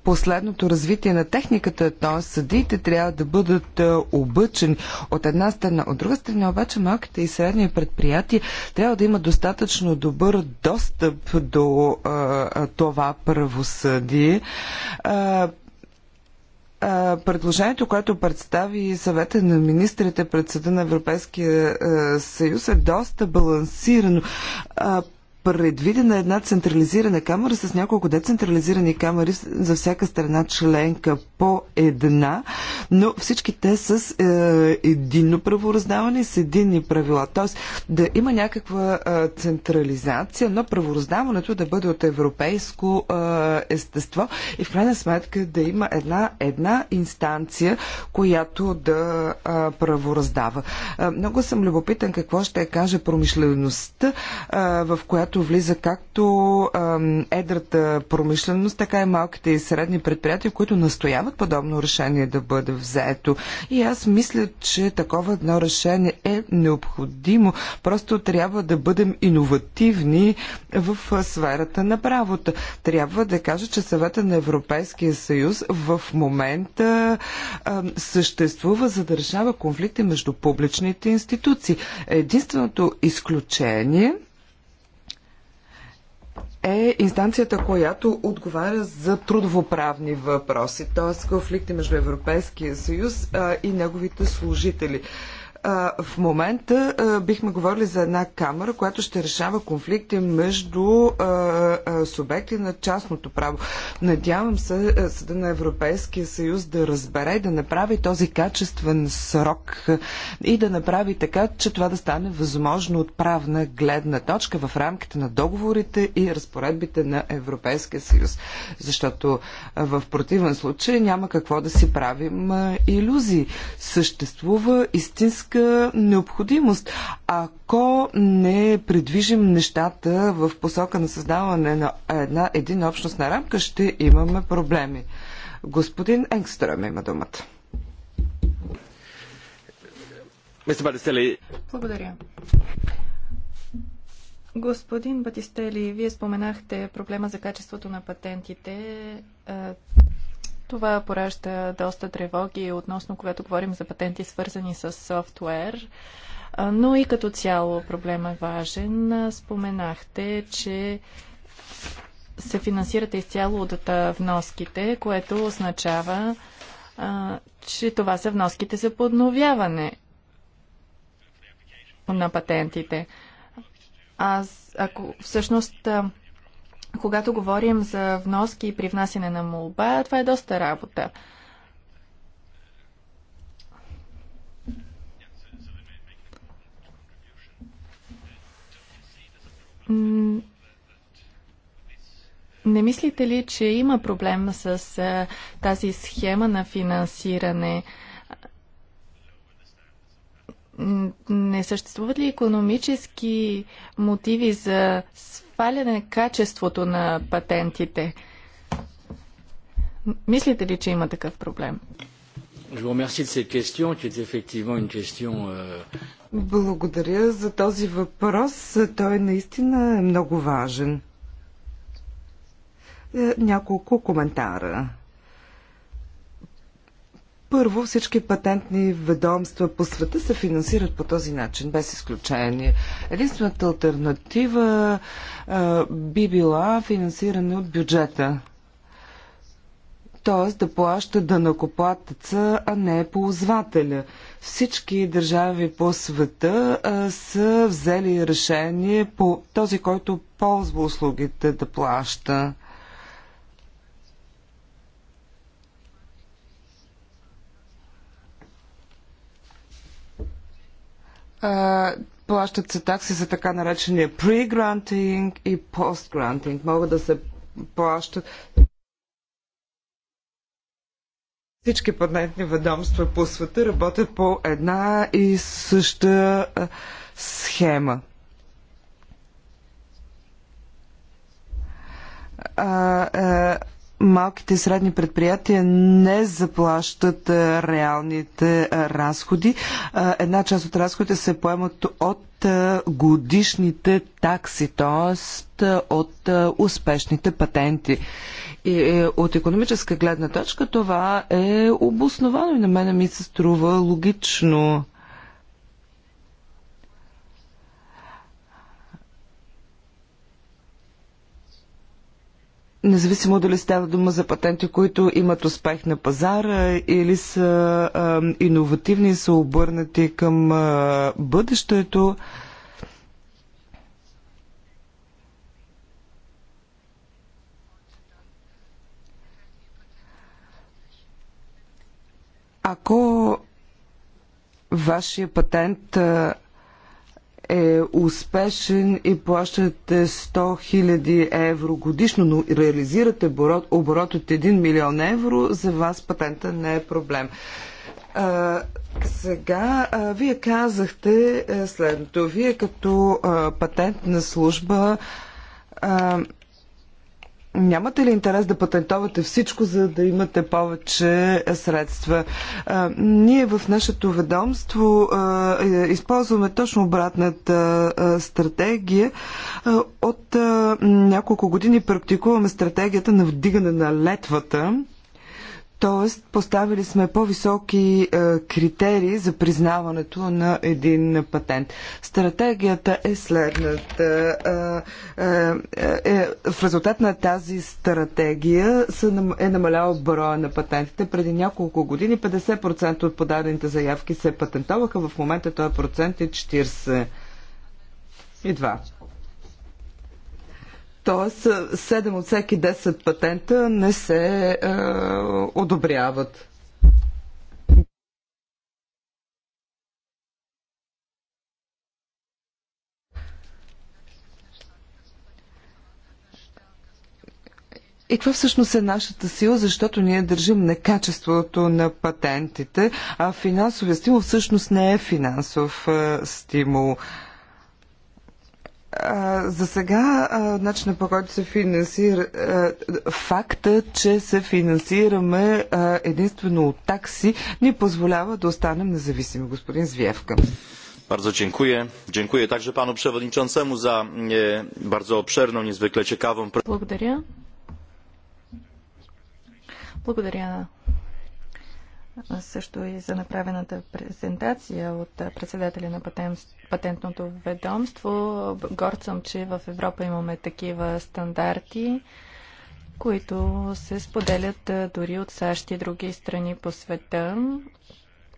последното развитие на техниката, т.е. съдиите трябва да бъдат обучени от една страна. От друга страна обаче малките и средни предприятия трябва да имат достатъчно добър достъп до а, това правосъдие. А, Предложението, което представи съвета на министрите пред съда на Европейския съюз е доста балансирано предвидена една централизирана камера с няколко децентрализирани камери за всяка страна членка по една, но всички те с е, единно правораздаване и с единни правила. Тоест да има някаква е, централизация, но правораздаването да бъде от европейско е, естество и в крайна сметка да има една, една инстанция, която да е, правораздава. Е, много съм любопитен какво ще каже промишлеността, е, в която който влиза както едрата промишленост, така и малките и средни предприятия, които настояват подобно решение да бъде взето. И аз мисля, че такова едно решение е необходимо. Просто трябва да бъдем иновативни в сферата на правото. Трябва да кажа, че съвета на Европейския съюз в момента а, съществува за да решава конфликти между публичните институции. Единственото изключение е инстанцията, която отговаря за трудовоправни въпроси, т.е. конфликти между Европейския съюз а, и неговите служители в момента бихме говорили за една камера, която ще решава конфликти между субекти на частното право. Надявам се Съда на Европейския съюз да разбере и да направи този качествен срок и да направи така, че това да стане възможно от правна гледна точка в рамките на договорите и разпоредбите на Европейския съюз. Защото в противен случай няма какво да си правим иллюзии. Съществува истински истинска необходимост. Ако не предвижим нещата в посока на създаване на една един общностна рамка, ще имаме проблеми. Господин Енгстрем има думата. Благодаря. Господин Батистели, вие споменахте проблема за качеството на патентите. Е, това поражда доста тревоги относно когато говорим за патенти, свързани с софтуер. Но и като цяло проблема е важен. Споменахте, че се финансирате изцяло от вноските, което означава, че това са вноските за подновяване на патентите. Аз, ако всъщност когато говорим за вноски и привнасяне на молба, това е доста работа. Не мислите ли, че има проблем с а, тази схема на финансиране? Не съществуват ли економически мотиви за сваляне качеството на патентите. Мислите ли, че има такъв проблем? Euh, Благодаря за този въпрос. Той наистина е много важен. Е, няколко коментара. Първо, всички патентни ведомства по света се финансират по този начин, без изключение. Единствената альтернатива а, би била финансиране от бюджета. Тоест да плаща данакоплатеца, а не ползвателя. Всички държави по света а, са взели решение по този, който ползва услугите да плаща. плащат се такси за така наречения pre-granting и post-granting. Могат да се плащат всички патентни ведомства по света работят по една и съща схема. А, а, малките и средни предприятия не заплащат реалните разходи. Една част от разходите се поемат от годишните такси, т.е. от успешните патенти. И е, от економическа гледна точка това е обосновано и на мене ми се струва логично. Независимо дали става дума за патенти, които имат успех на пазара или са а, иновативни и са обърнати към а, бъдещето, ако вашия патент а, е успешен и плащате 100 000 евро годишно, но реализирате оборот, оборот от 1 милион евро, за вас патента не е проблем. А, сега, а, вие казахте следното. Вие като а, патентна служба а, Нямате ли интерес да патентовате всичко, за да имате повече средства? А, ние в нашето ведомство а, е, използваме точно обратната а, стратегия. А, от а, няколко години практикуваме стратегията на вдигане на летвата Тоест, поставили сме по-високи е, критерии за признаването на един патент. Стратегията е следната. Е, е, в резултат на тази стратегия е намалял броя на патентите. Преди няколко години 50% от подадените заявки се патентоваха, в момента този процент е 40. И два. Тоест, 7 от всеки 10 патента не се е, одобряват. И каква всъщност е нашата сила, защото ние държим на качеството на патентите, а финансовия стимул всъщност не е финансов е, стимул за сега начинът по който се финансира факта, че се финансираме единствено от такси, ни позволява да останем независими. Господин Звиевка. Bardzo dziękuję. Dziękuję także panu przewodniczącemu za e, bardzo obszerną, niezwykle ciekawą. Благодаря. Благодаря също и за направената презентация от председателя на патентното ведомство. Горд съм, че в Европа имаме такива стандарти, които се споделят дори от САЩ и други страни по света.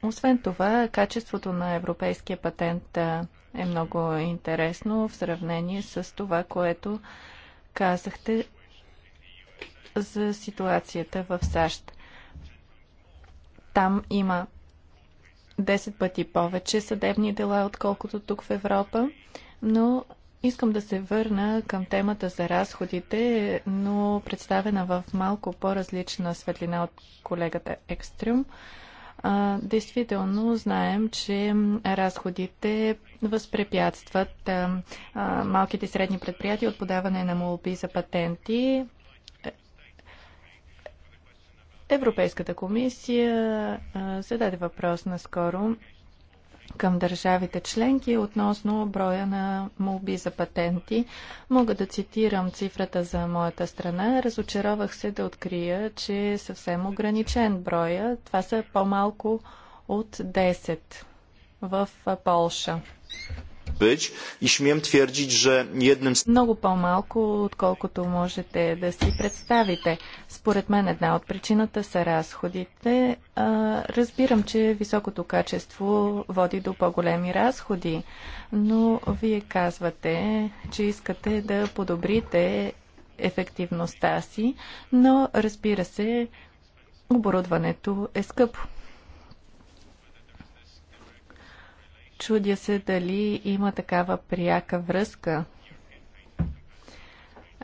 Освен това, качеството на европейския патент е много интересно в сравнение с това, което казахте за ситуацията в САЩ. Там има 10 пъти повече съдебни дела, отколкото тук в Европа, но искам да се върна към темата за разходите, но представена в малко по-различна светлина от колегата Екстрюм. действително знаем, че разходите възпрепятстват малките и средни предприятия от подаване на молби за патенти, Европейската комисия зададе въпрос наскоро към държавите членки относно броя на молби за патенти. Мога да цитирам цифрата за моята страна. Разочаровах се да открия, че е съвсем ограничен броя. Това са по-малко от 10 в Полша być i śmiem twierdzić, że jednym z... Много по-малко, отколкото можете да си представите. Според мен една от причината са разходите. А, разбирам, че високото качество води до по-големи разходи, но вие казвате, че искате да подобрите ефективността си, но разбира се, оборудването е скъпо. Чудя се дали има такава пряка връзка.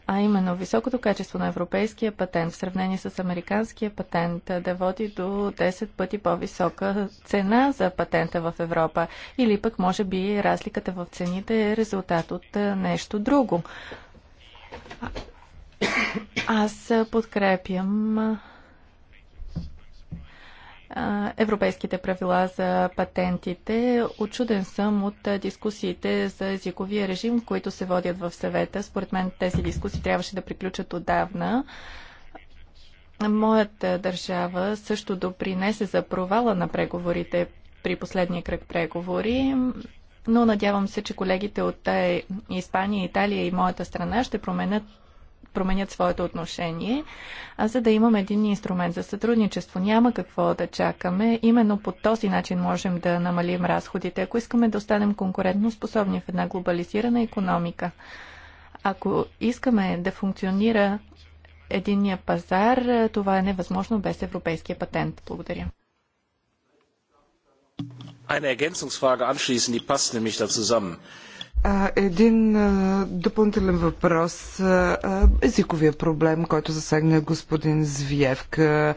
А именно, високото качество на европейския патент в сравнение с американския патент да води до 10 пъти по-висока цена за патента в Европа. Или пък, може би, разликата в цените е резултат от нещо друго. Аз подкрепям европейските правила за патентите. Очуден съм от дискусиите за езиковия режим, които се водят в съвета. Според мен тези дискусии трябваше да приключат отдавна. Моята държава също допринесе за провала на преговорите при последния кръг преговори, но надявам се, че колегите от Испания, Италия и моята страна ще променят променят своето отношение, а за да имаме един инструмент за сътрудничество. Няма какво да чакаме. Именно по този начин можем да намалим разходите, ако искаме да останем конкурентно способни в една глобализирана економика. Ако искаме да функционира единния пазар, това е невъзможно без европейския патент. Благодаря. Eine Ergänzungsfrage anschließend, die passt nämlich da zusammen един допълнителен въпрос. езиковия проблем, който засегна господин Звиевка.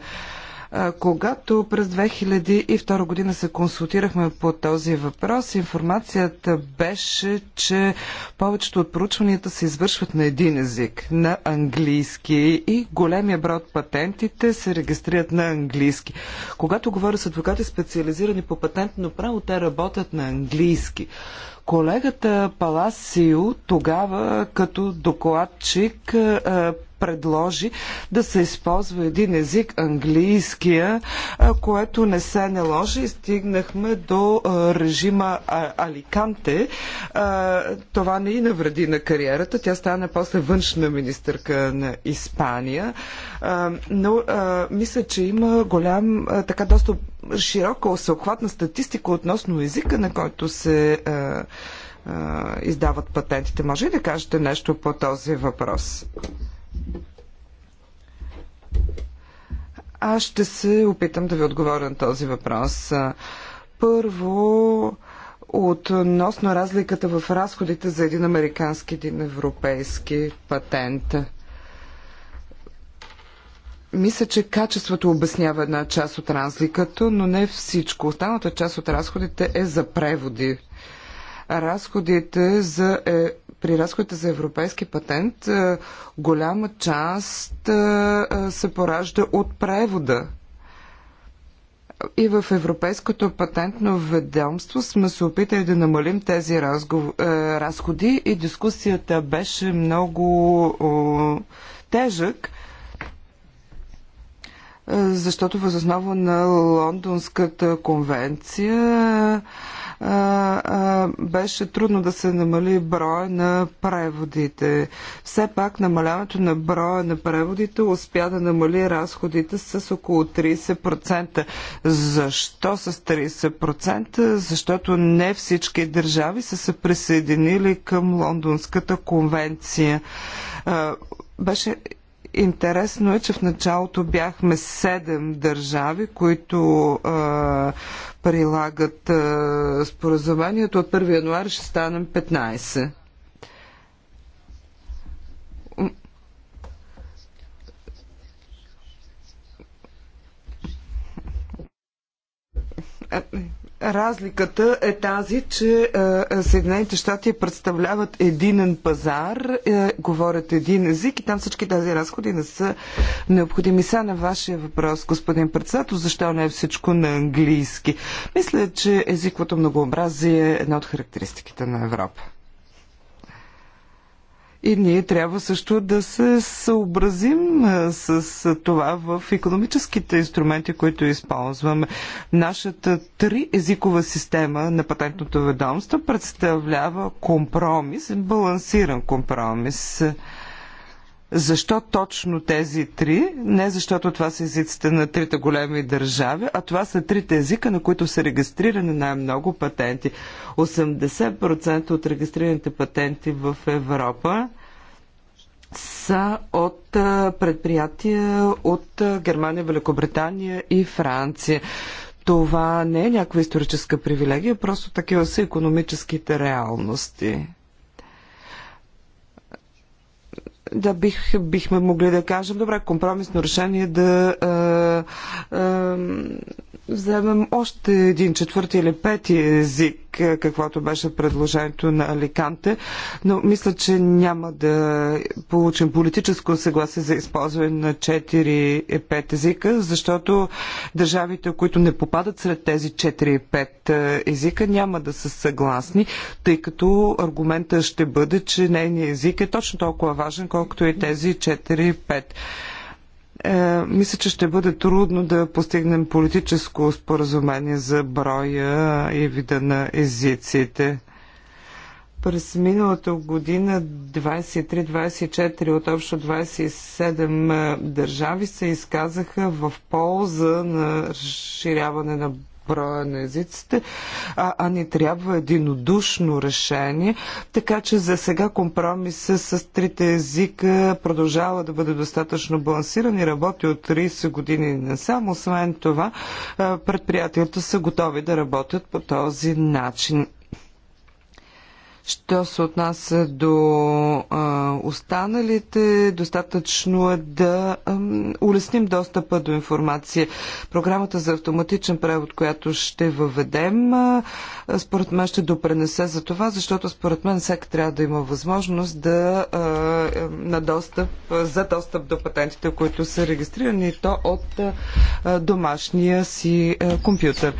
Когато през 2002 година се консултирахме по този въпрос, информацията беше, че повечето от проучванията се извършват на един език, на английски и големия брой от патентите се регистрират на английски. Когато говоря с адвокати специализирани по патентно право, те работят на английски. Колегата Паласио тогава като докладчик предложи да се използва един език, английския, което не се наложи и стигнахме до режима Аликанте. Това не и навреди на кариерата. Тя стана после външна министърка на Испания. Но мисля, че има голям, така доста широка всеохватна статистика относно езика, на който се издават патентите. Може ли да кажете нещо по този въпрос? Аз ще се опитам да ви отговоря на този въпрос. Първо, относно разликата в разходите за един американски, един европейски патент. Мисля, че качеството обяснява една част от разликата, но не всичко. Останалата част от разходите е за преводи. Разходите за е, при разходите за европейски патент е, голяма част е, е, се поражда от превода и в Европейското патентно ведомство сме се опитали да намалим тези разгов... разходи и дискусията беше много о, тежък, защото възоснова на Лондонската конвенция беше трудно да се намали броя на преводите. Все пак намаляването на броя на преводите успя да намали разходите с около 30%. Защо с 30%? Защото не всички държави са се присъединили към Лондонската конвенция. Беше Интересно е, че в началото бяхме седем държави, които а, прилагат а, споразумението. От 1 януари ще станем 15. А, Разликата е тази, че е, Съединените щати представляват единен пазар, е, говорят един език и там всички тези разходи не са необходими. Са на вашия въпрос, господин председател, защо не е всичко на английски? Мисля, че езиквото многообразие е една от характеристиките на Европа. И ние трябва също да се съобразим с това в економическите инструменти, които използваме. Нашата триезикова система на патентното ведомство представлява компромис, балансиран компромис. Защо точно тези три? Не защото това са езиците на трите големи държави, а това са трите езика, на които са регистрирани най-много патенти. 80% от регистрираните патенти в Европа са от предприятия от Германия, Великобритания и Франция. Това не е някаква историческа привилегия, просто такива са економическите реалности. Да, бих, бихме могли да кажем, добре, компромисно решение да а, а, вземем още един четвърти или пети език каквото беше предложението на Аликанте, но мисля, че няма да получим политическо съгласие за използване на 4-5 езика, защото държавите, които не попадат сред тези 4-5 е, езика, няма да са съгласни, тъй като аргумента ще бъде, че нейният език е точно толкова важен, колкото и тези 4-5. Е, мисля, че ще бъде трудно да постигнем политическо споразумение за броя и вида на езиците. През миналата година 23-24 от общо 27 е, държави се изказаха в полза на разширяване на броя на езиците, а, а ни трябва единодушно решение, така че за сега компромиса с трите езика продължава да бъде достатъчно балансиран и работи от 30 години не само. Освен това, предприятията са готови да работят по този начин. Що се отнася до а, останалите, достатъчно е да а, улесним достъпа до информация. Програмата за автоматичен превод, която ще въведем, а, според мен ще допренесе за това, защото според мен всеки трябва да има възможност да а, на достъп, за достъп до патентите, които са регистрирани и то от а, домашния си а, компютър.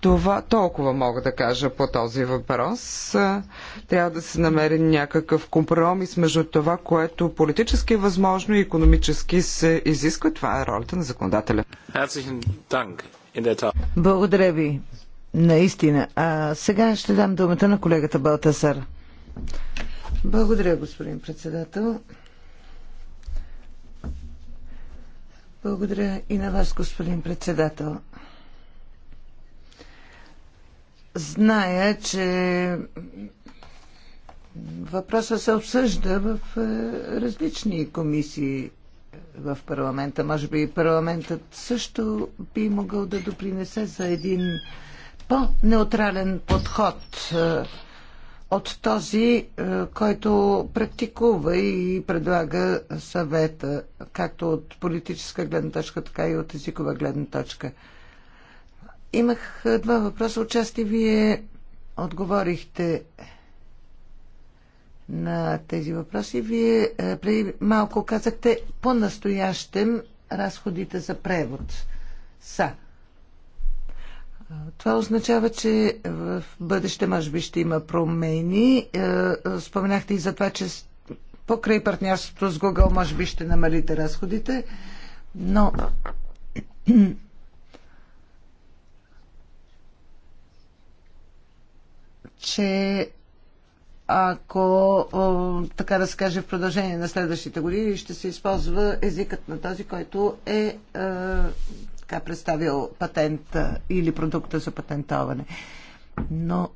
Това толкова мога да кажа по този въпрос. Трябва да се намери някакъв компромис между това, което политически е възможно и економически се изисква. Това е ролята на законодателя. Благодаря ви. Наистина. А сега ще дам думата на колегата Балтасар. Благодаря, господин председател. Благодаря и на вас, господин председател. Зная, че Въпросът се обсъжда в е, различни комисии в парламента. Може би парламентът също би могъл да допринесе за един по-неутрален подход е, от този, е, който практикува и предлага съвета, както от политическа гледна точка, така и от езикова гледна точка. Имах два въпроса. Отчасти вие отговорихте на тези въпроси. Вие е, преди малко казахте, по-настоящем разходите за превод са. Това означава, че в бъдеще може би ще има промени. Е, е, споменахте и за това, че покрай партньорството с Google може би ще намалите разходите, но *clears throat* че ако, така да се каже, в продължение на следващите години ще се използва езикът на този, който е така представил патента или продукта за патентоване. Но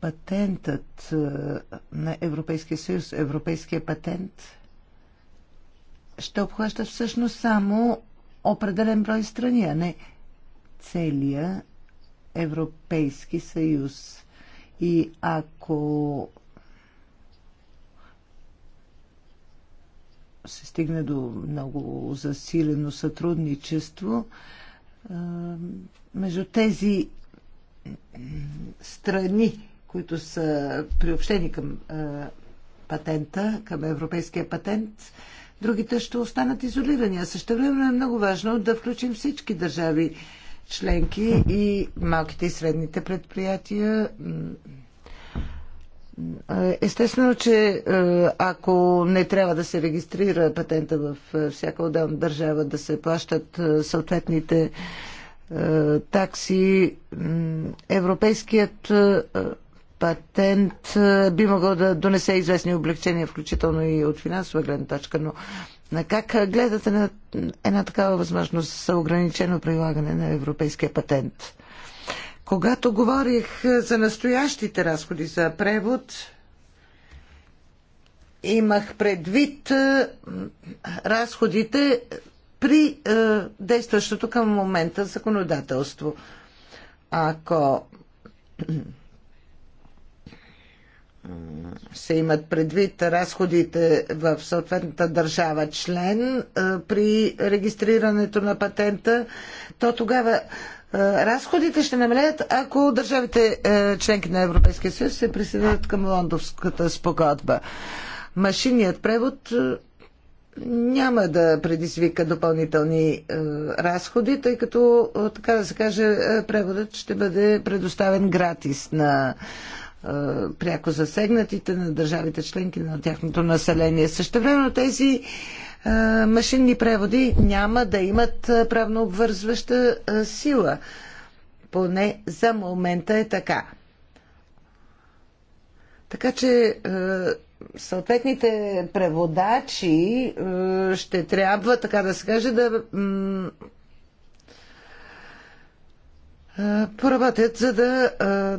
патентът на Европейския съюз, европейския патент, ще обхваща всъщност само определен брой страни, а не целия Европейски съюз. И ако се стигне до много засилено сътрудничество, между тези страни, които са приобщени към патента, към европейския патент, другите ще останат изолирани. А също време е много важно да включим всички държави членки и малките и средните предприятия. Естествено, че е, ако не трябва да се регистрира патента в е, всяка отделна държава, да се плащат е, съответните такси, Европейският патент е, би могъл да донесе известни облегчения, включително и от финансова гледна точка, но на как гледате на една такава възможност за ограничено прилагане на европейския патент? Когато говорих е, за настоящите разходи за превод, имах предвид е, разходите при действащото към момента законодателство. Ако се имат предвид разходите в съответната държава член при регистрирането на патента, то тогава разходите ще намалят, ако държавите членки на Европейския съюз се присъединят към лондовската спогодба. Машинният превод няма да предизвика допълнителни разходи, тъй като, така да се каже, преводът ще бъде предоставен гратис на пряко засегнатите, на държавите членки, на тяхното население. Същевременно тези машинни преводи няма да имат правно обвързваща сила. Поне за момента е така. Така че съответните преводачи ще трябва, така да се каже, да поработят за да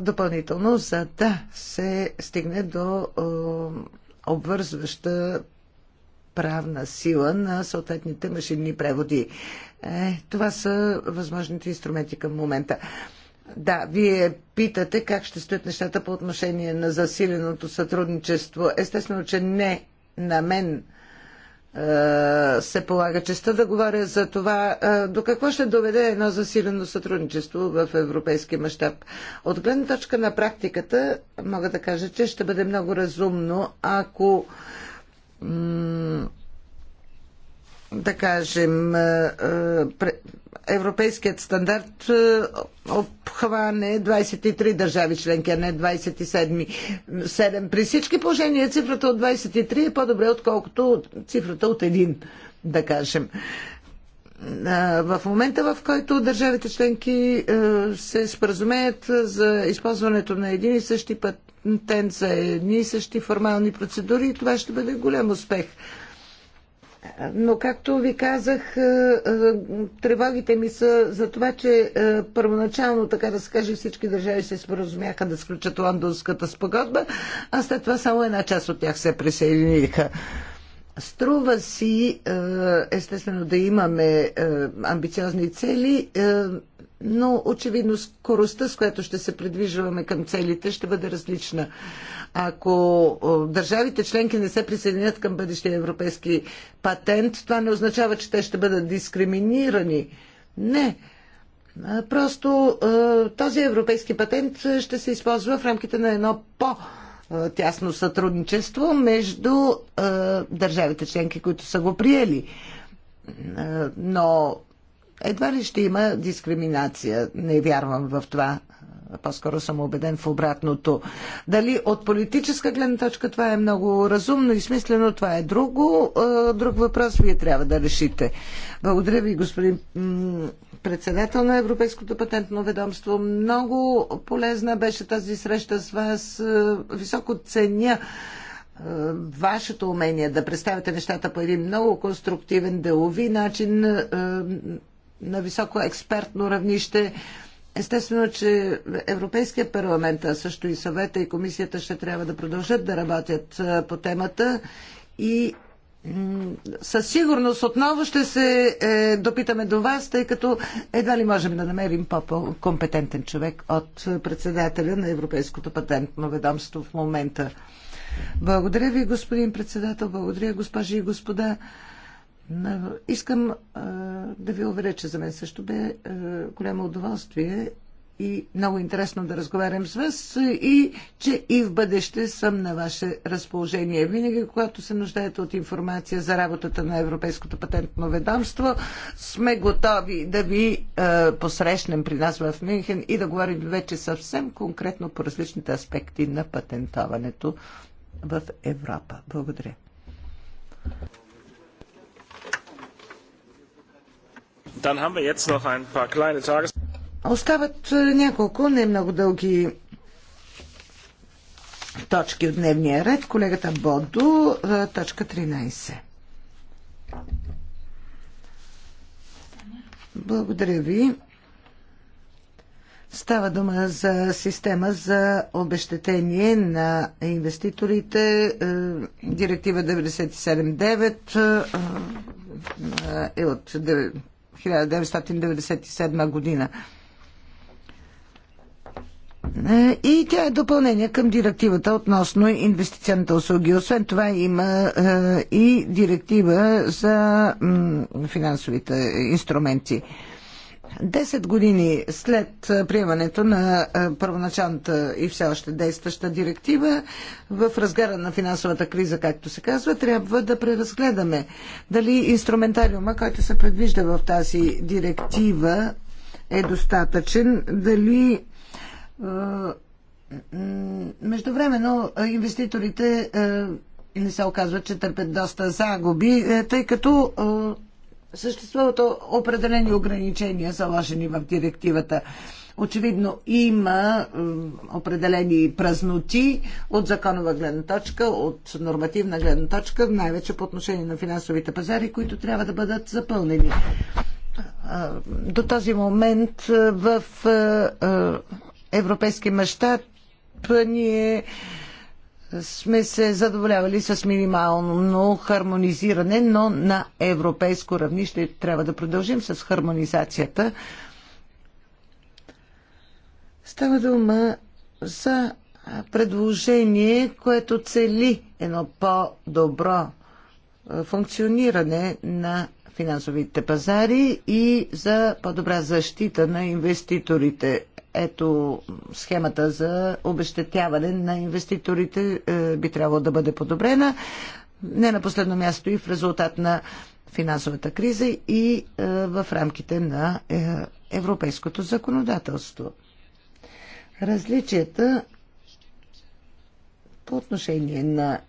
допълнително, за да се стигне до обвързваща правна сила на съответните машинни преводи. Е, това са възможните инструменти към момента. Да, вие питате как ще стоят нещата по отношение на засиленото сътрудничество. Естествено, че не на мен е, се полага честа да говоря за това е, до какво ще доведе едно засилено сътрудничество в европейски мащаб. От гледна точка на практиката мога да кажа, че ще бъде много разумно, ако да кажем е, европейският стандарт е, обхване 23 държави членки, а не 27. 7. При всички положения цифрата от 23 е по-добре, отколкото цифрата от 1, да кажем. В момента, в който държавите членки е, се споразумеят за използването на един и същи патент за едни и същи формални процедури, това ще бъде голям успех. Но, както ви казах, е, е, тревогите ми са за това, че е, първоначално, така да се каже, всички държави се споразумяха да сключат лондонската спогодба, а след това само една част от тях се присъединиха. Струва си, естествено, да имаме амбициозни цели но очевидно скоростта, с която ще се придвижваме към целите, ще бъде различна. Ако държавите членки не се присъединят към бъдещия европейски патент, това не означава, че те ще бъдат дискриминирани. Не. Просто този европейски патент ще се използва в рамките на едно по- тясно сътрудничество между държавите членки, които са го приели. Но едва ли ще има дискриминация. Не вярвам в това. По-скоро съм убеден в обратното. Дали от политическа гледна точка това е много разумно и смислено, това е друго. Друг въпрос вие трябва да решите. Благодаря ви, господин председател на Европейското патентно ведомство. Много полезна беше тази среща с вас. Високо ценя вашето умение да представите нещата по един много конструктивен делови начин на високо експертно равнище. Естествено, че Европейския парламент, а също и съвета и комисията ще трябва да продължат да работят по темата и със сигурност отново ще се е, допитаме до вас, тъй като едва ли можем да намерим по-компетентен човек от председателя на Европейското патентно ведомство в момента. Благодаря ви, господин председател, благодаря, госпожи и господа. Искам да ви уверя, че за мен също бе голямо удоволствие и много интересно да разговарям с вас и че и в бъдеще съм на ваше разположение. Винаги, когато се нуждаете от информация за работата на Европейското патентно ведомство, сме готови да ви е, посрещнем при нас в Мюнхен и да говорим вече съвсем конкретно по различните аспекти на патентоването в Европа. Благодаря. Остават е, няколко не много дълги точки от дневния ред. Колегата Бодо, е, точка 13. Благодаря ви. Става дума за система за обещетение на инвеститорите. Е, директива 97.9 е от 1997 година. Е, и тя е допълнение към директивата относно инвестиционните услуги. Освен това има е, и директива за финансовите инструменти. Десет години след приемането на първоначалната и все още действаща директива, в разгара на финансовата криза, както се казва, трябва да преразгледаме дали инструментариума, който се предвижда в тази директива, е достатъчен, дали междувременно инвеститорите не се оказва, че търпят доста загуби, тъй като съществуват определени ограничения, заложени в директивата. Очевидно има определени празноти от законова гледна точка, от нормативна гледна точка, най-вече по отношение на финансовите пазари, които трябва да бъдат запълнени. До този момент в европейски мащаб ние сме се задоволявали с минимално хармонизиране, но на европейско равнище трябва да продължим с хармонизацията. Става дума за предложение, което цели едно по-добро функциониране на финансовите пазари и за по-добра защита на инвеститорите ето, схемата за обещетяване на инвеститорите е, би трябвало да бъде подобрена. Не на последно място и в резултат на финансовата криза и е, в рамките на е, европейското законодателство. Различията по отношение на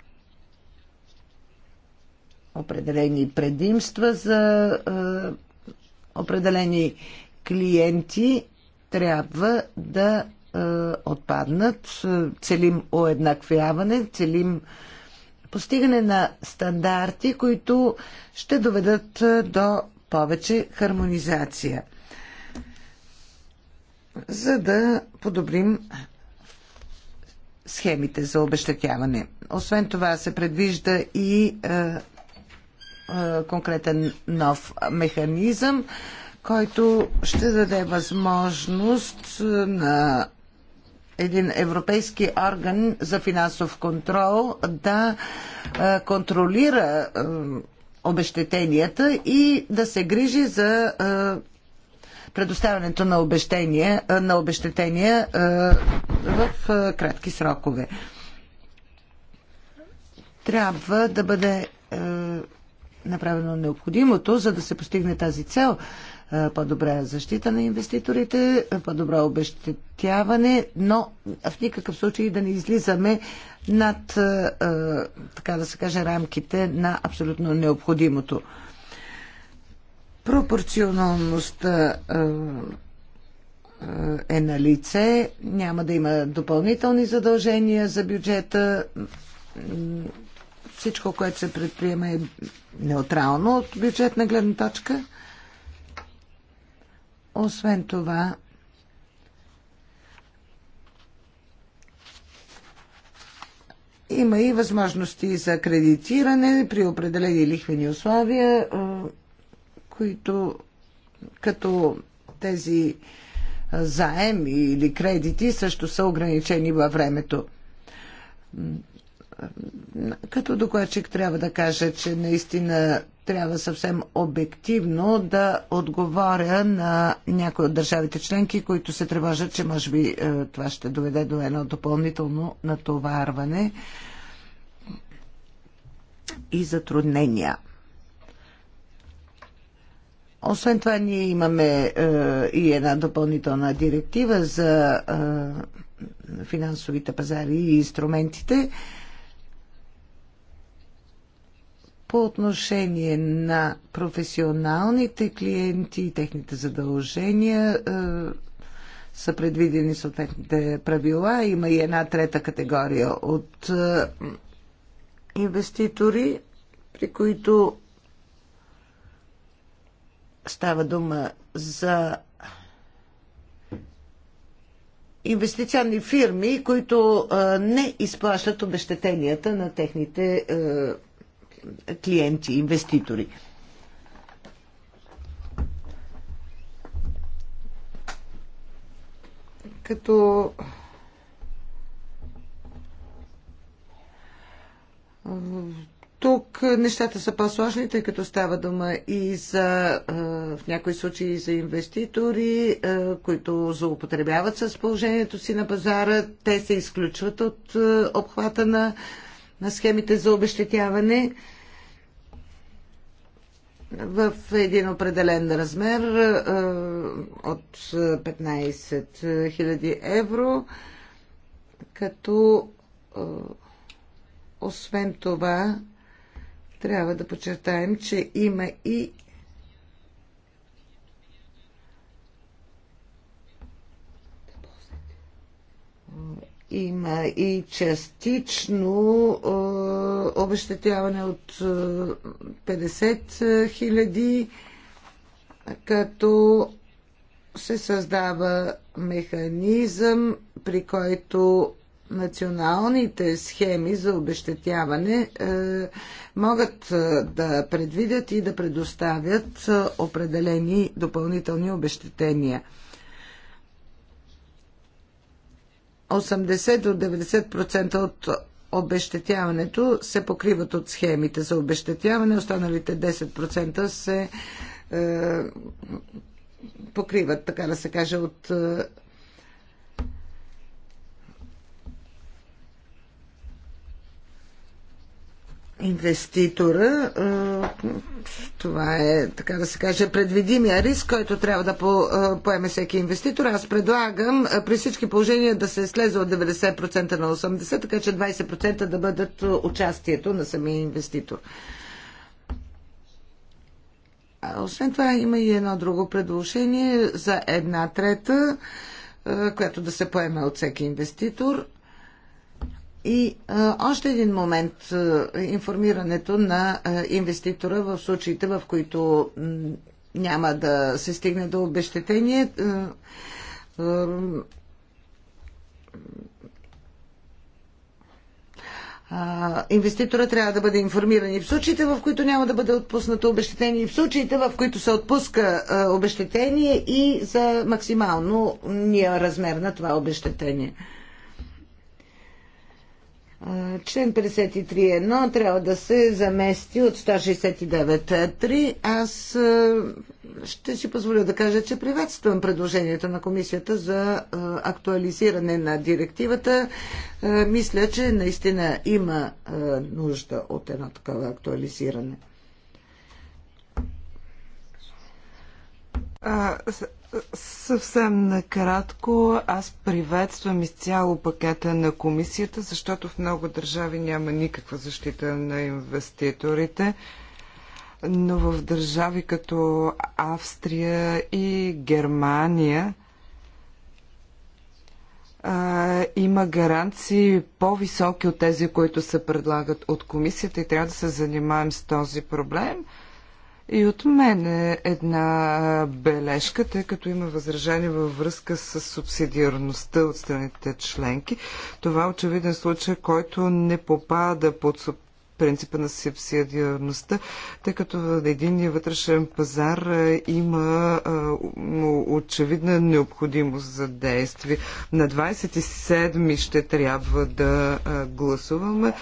определени предимства за е, определени клиенти трябва да е, отпаднат. Целим уеднаквяване, целим постигане на стандарти, които ще доведат е, до повече хармонизация, за да подобрим схемите за обещатяване. Освен това се предвижда и е, е, конкретен нов механизъм. Е, който ще даде възможност е, на един европейски орган за финансов контрол да е, контролира е, обещетенията и да се грижи за предоставянето на, обещения, на обещетения в кратки срокове. Трябва да бъде направено необходимото, за да се постигне тази цел е, по-добра защита на инвеститорите, е, по-добро обещетяване, но в никакъв случай да не излизаме над, е, така да се каже, рамките на абсолютно необходимото. Пропорционалността е на лице, няма да има допълнителни задължения за бюджета. Всичко, което се предприема е неутрално от бюджетна гледна точка. Освен това, има и възможности за кредитиране при определени лихвени условия, които като тези заеми или кредити също са ограничени във времето. Като докладчик трябва да кажа, че наистина трябва съвсем обективно да отговоря на някои от държавите членки, които се тревожат, че може би е, това ще доведе до едно допълнително натоварване и затруднения. Освен това, ние имаме е, и една допълнителна директива за е, финансовите пазари и инструментите. Е, по отношение на професионалните клиенти и техните задължения е, са предвидени съответните правила. Има и една трета категория от е, инвеститори, при които става дума за инвестиционни фирми, които е, не изплащат обещетенията на техните е, клиенти, инвеститори. Като тук нещата са по-сложни, тъй като става дума и за, в някои случаи, за инвеститори, които злоупотребяват с положението си на пазара. Те се изключват от обхвата на, на схемите за обещетяване в един определен размер от 15 000 евро, като освен това трябва да подчертаем, че има и Има и частично е, обещетяване от 50 е, хиляди, като се създава механизъм, при който националните схеми за обещетяване е, могат е, да предвидят и да предоставят определени допълнителни обещетения. 80 до 90% от обещетяването се покриват от схемите за обещетяване, останалите 10% се е, покриват, така да се каже, от е, инвеститора. Това е, така да се каже, предвидимия риск, който трябва да поеме всеки инвеститор. Аз предлагам при всички положения да се слезе от 90% на 80%, така че 20% да бъдат участието на самия инвеститор. Освен това има и едно друго предложение за една трета, която да се поеме от всеки инвеститор – и а, още един момент а, информирането на а, инвеститора в случаите, в които м, няма да се стигне до обещетение. А, а, инвеститора трябва да бъде информиран и в случаите, в които няма да бъде отпуснато обещетение, и в случаите, в които се отпуска обещетение и за максимално ния размер на това обещетение. Член 53.1 трябва да се замести от 169.3. Аз ще си позволя да кажа, че приветствам предложението на комисията за актуализиране на директивата. Мисля, че наистина има нужда от едно такова актуализиране. Съвсем накратко, аз приветствам изцяло пакета на комисията, защото в много държави няма никаква защита на инвеститорите, но в държави като Австрия и Германия а, има гаранции по-високи от тези, които се предлагат от комисията и трябва да се занимаем с този проблем – и от мен е една бележка, тъй като има възражение във връзка с субсидиарността от страните членки. Това е очевиден случай, който не попада под принципа на субсидиарността, тъй като в единния вътрешен пазар има очевидна необходимост за действие. На 27 ще трябва да гласуваме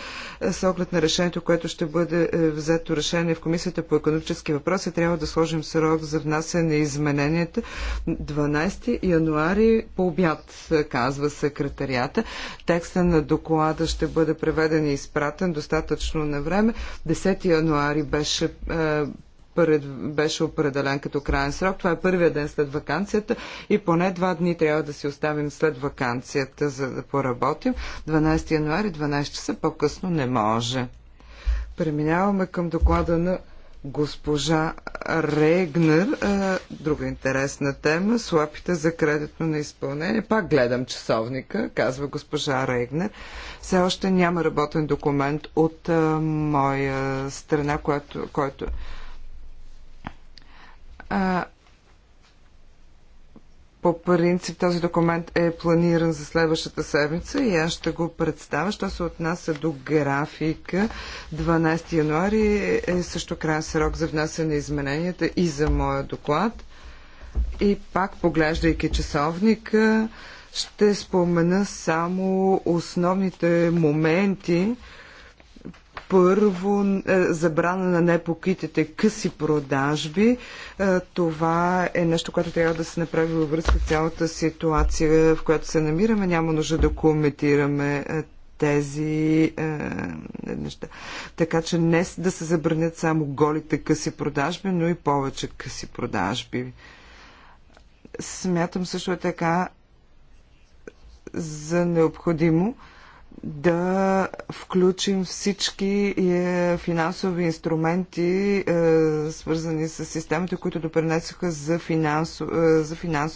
с оглед на решението, което ще бъде е, взето решение в Комисията по економически въпроси. Трябва да сложим срок за внасяне на измененията 12 януари по обяд, е, казва секретарията. Текста на доклада ще бъде преведен и изпратен достатъчно достатъчно на време. 10 януари беше е, беше определен като крайен срок. Това е първия ден след вакансията и поне два дни трябва да си оставим след вакансията, за да поработим. 12 януари, 12 часа, по-късно не може. Преминаваме към доклада на госпожа Регнер. Друга интересна тема слапите за кредитно на изпълнение. Пак гледам часовника, казва госпожа Регнер. Все още няма работен документ от а, моя страна, който, който а, по принцип този документ е планиран за следващата седмица и аз ще го представя. Що се отнася до графика, 12 януари е също крайен срок за внасяне на измененията и за моя доклад. И пак, поглеждайки часовника, ще спомена само основните моменти, първо, е, забрана на непокритите къси продажби. Е, това е нещо, което трябва да се направи във връзка с цялата ситуация, в която се намираме. Няма нужда да коментираме е, тези е, неща. Така че не да се забранят само голите къси продажби, но и повече къси продажби. Смятам също така за необходимо да включим всички е, финансови инструменти, е, свързани с системите, които допринесоха за, финансово. Е, за финансово.